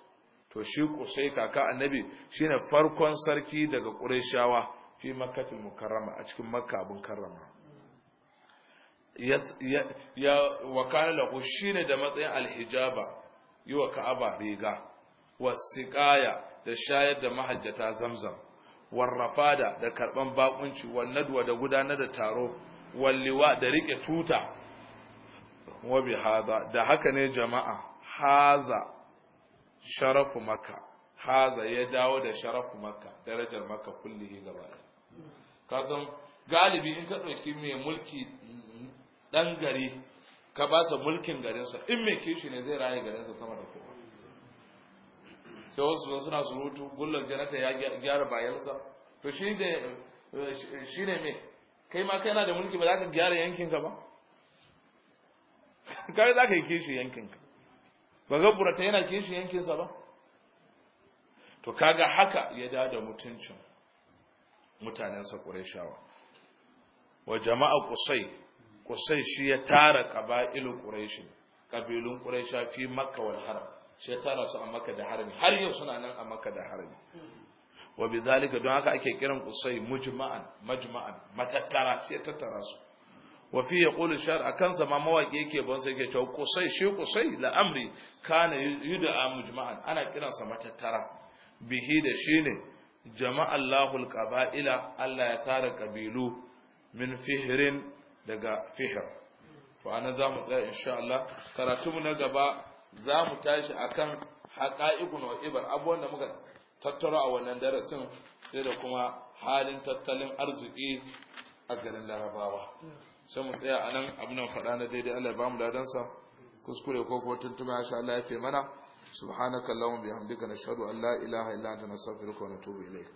to shi kusai kaka annabi shine farkon sarki daga qurayshawa fi makkatul mukarrama a cikin makka abin karrama ya wakala lahu shine da matsayin alhijaba yi wa ka'aba riga wasiqaya da shayar da mahajjata zamzam warrafada da karban bakunci nadwa da gudanar da taro walliwa da rike tuta wa bi haza da haka ne jama'a haza sharafu makka haza ya dawo da sharafu makka darajar makka kullihi gaba ka san galibi in ka ɗauki mai mulki ɗan gari ka ba sa mulkin garinsa in mai kishi ne zai raye garinsa sama da kowa sai wasu zo suna surutu gullon janata ya gyara bayansa to shi ne shi ne mai kai ma kai na da mulki ba za ka gyara yankinka ba kai za ka yi kishi yankinka ba ga burata yana kishi yankinsa ba to kaga haka ya da mutuncin mutanensa ƙureshawa wa jama'a ƙusai ƙusai shi ya tara ƙaba'ilu ƙureshi ƙabilun ƙuresha fi makka wal haram shi ya tara su a makka da harami har yau suna nan a makka da harami wa bi zalika don haka ake kiran ƙusai mujma'an majma'an matattara shi ya tattara su wa fi yaqulu shar akan sa ma mawaki yake ban sai yake cewa ƙusai shi ƙusai la amri kana yud'a mujma'an ana kiransa matattara bihi da shi ne Allahul qaba'ila Allah ya tara kabilu min fihirin daga fihir to anan za mu tsaya insha Allah karatu na gaba za mu tashi akan haqa'iqun wa ibar abubuwan da muka tattaro a wannan darasin sai da kuma halin tattalin arziki a garin Larabawa sai mu tsaya anan abin nan faɗa na daidai Allah ya bamu dadansa kuskure ko ko tuntuma insha Allah ya mana subhanaka allahumma bihamdika nashhadu an la ilaha illa anta nastaghfiruka wa natubu ilayk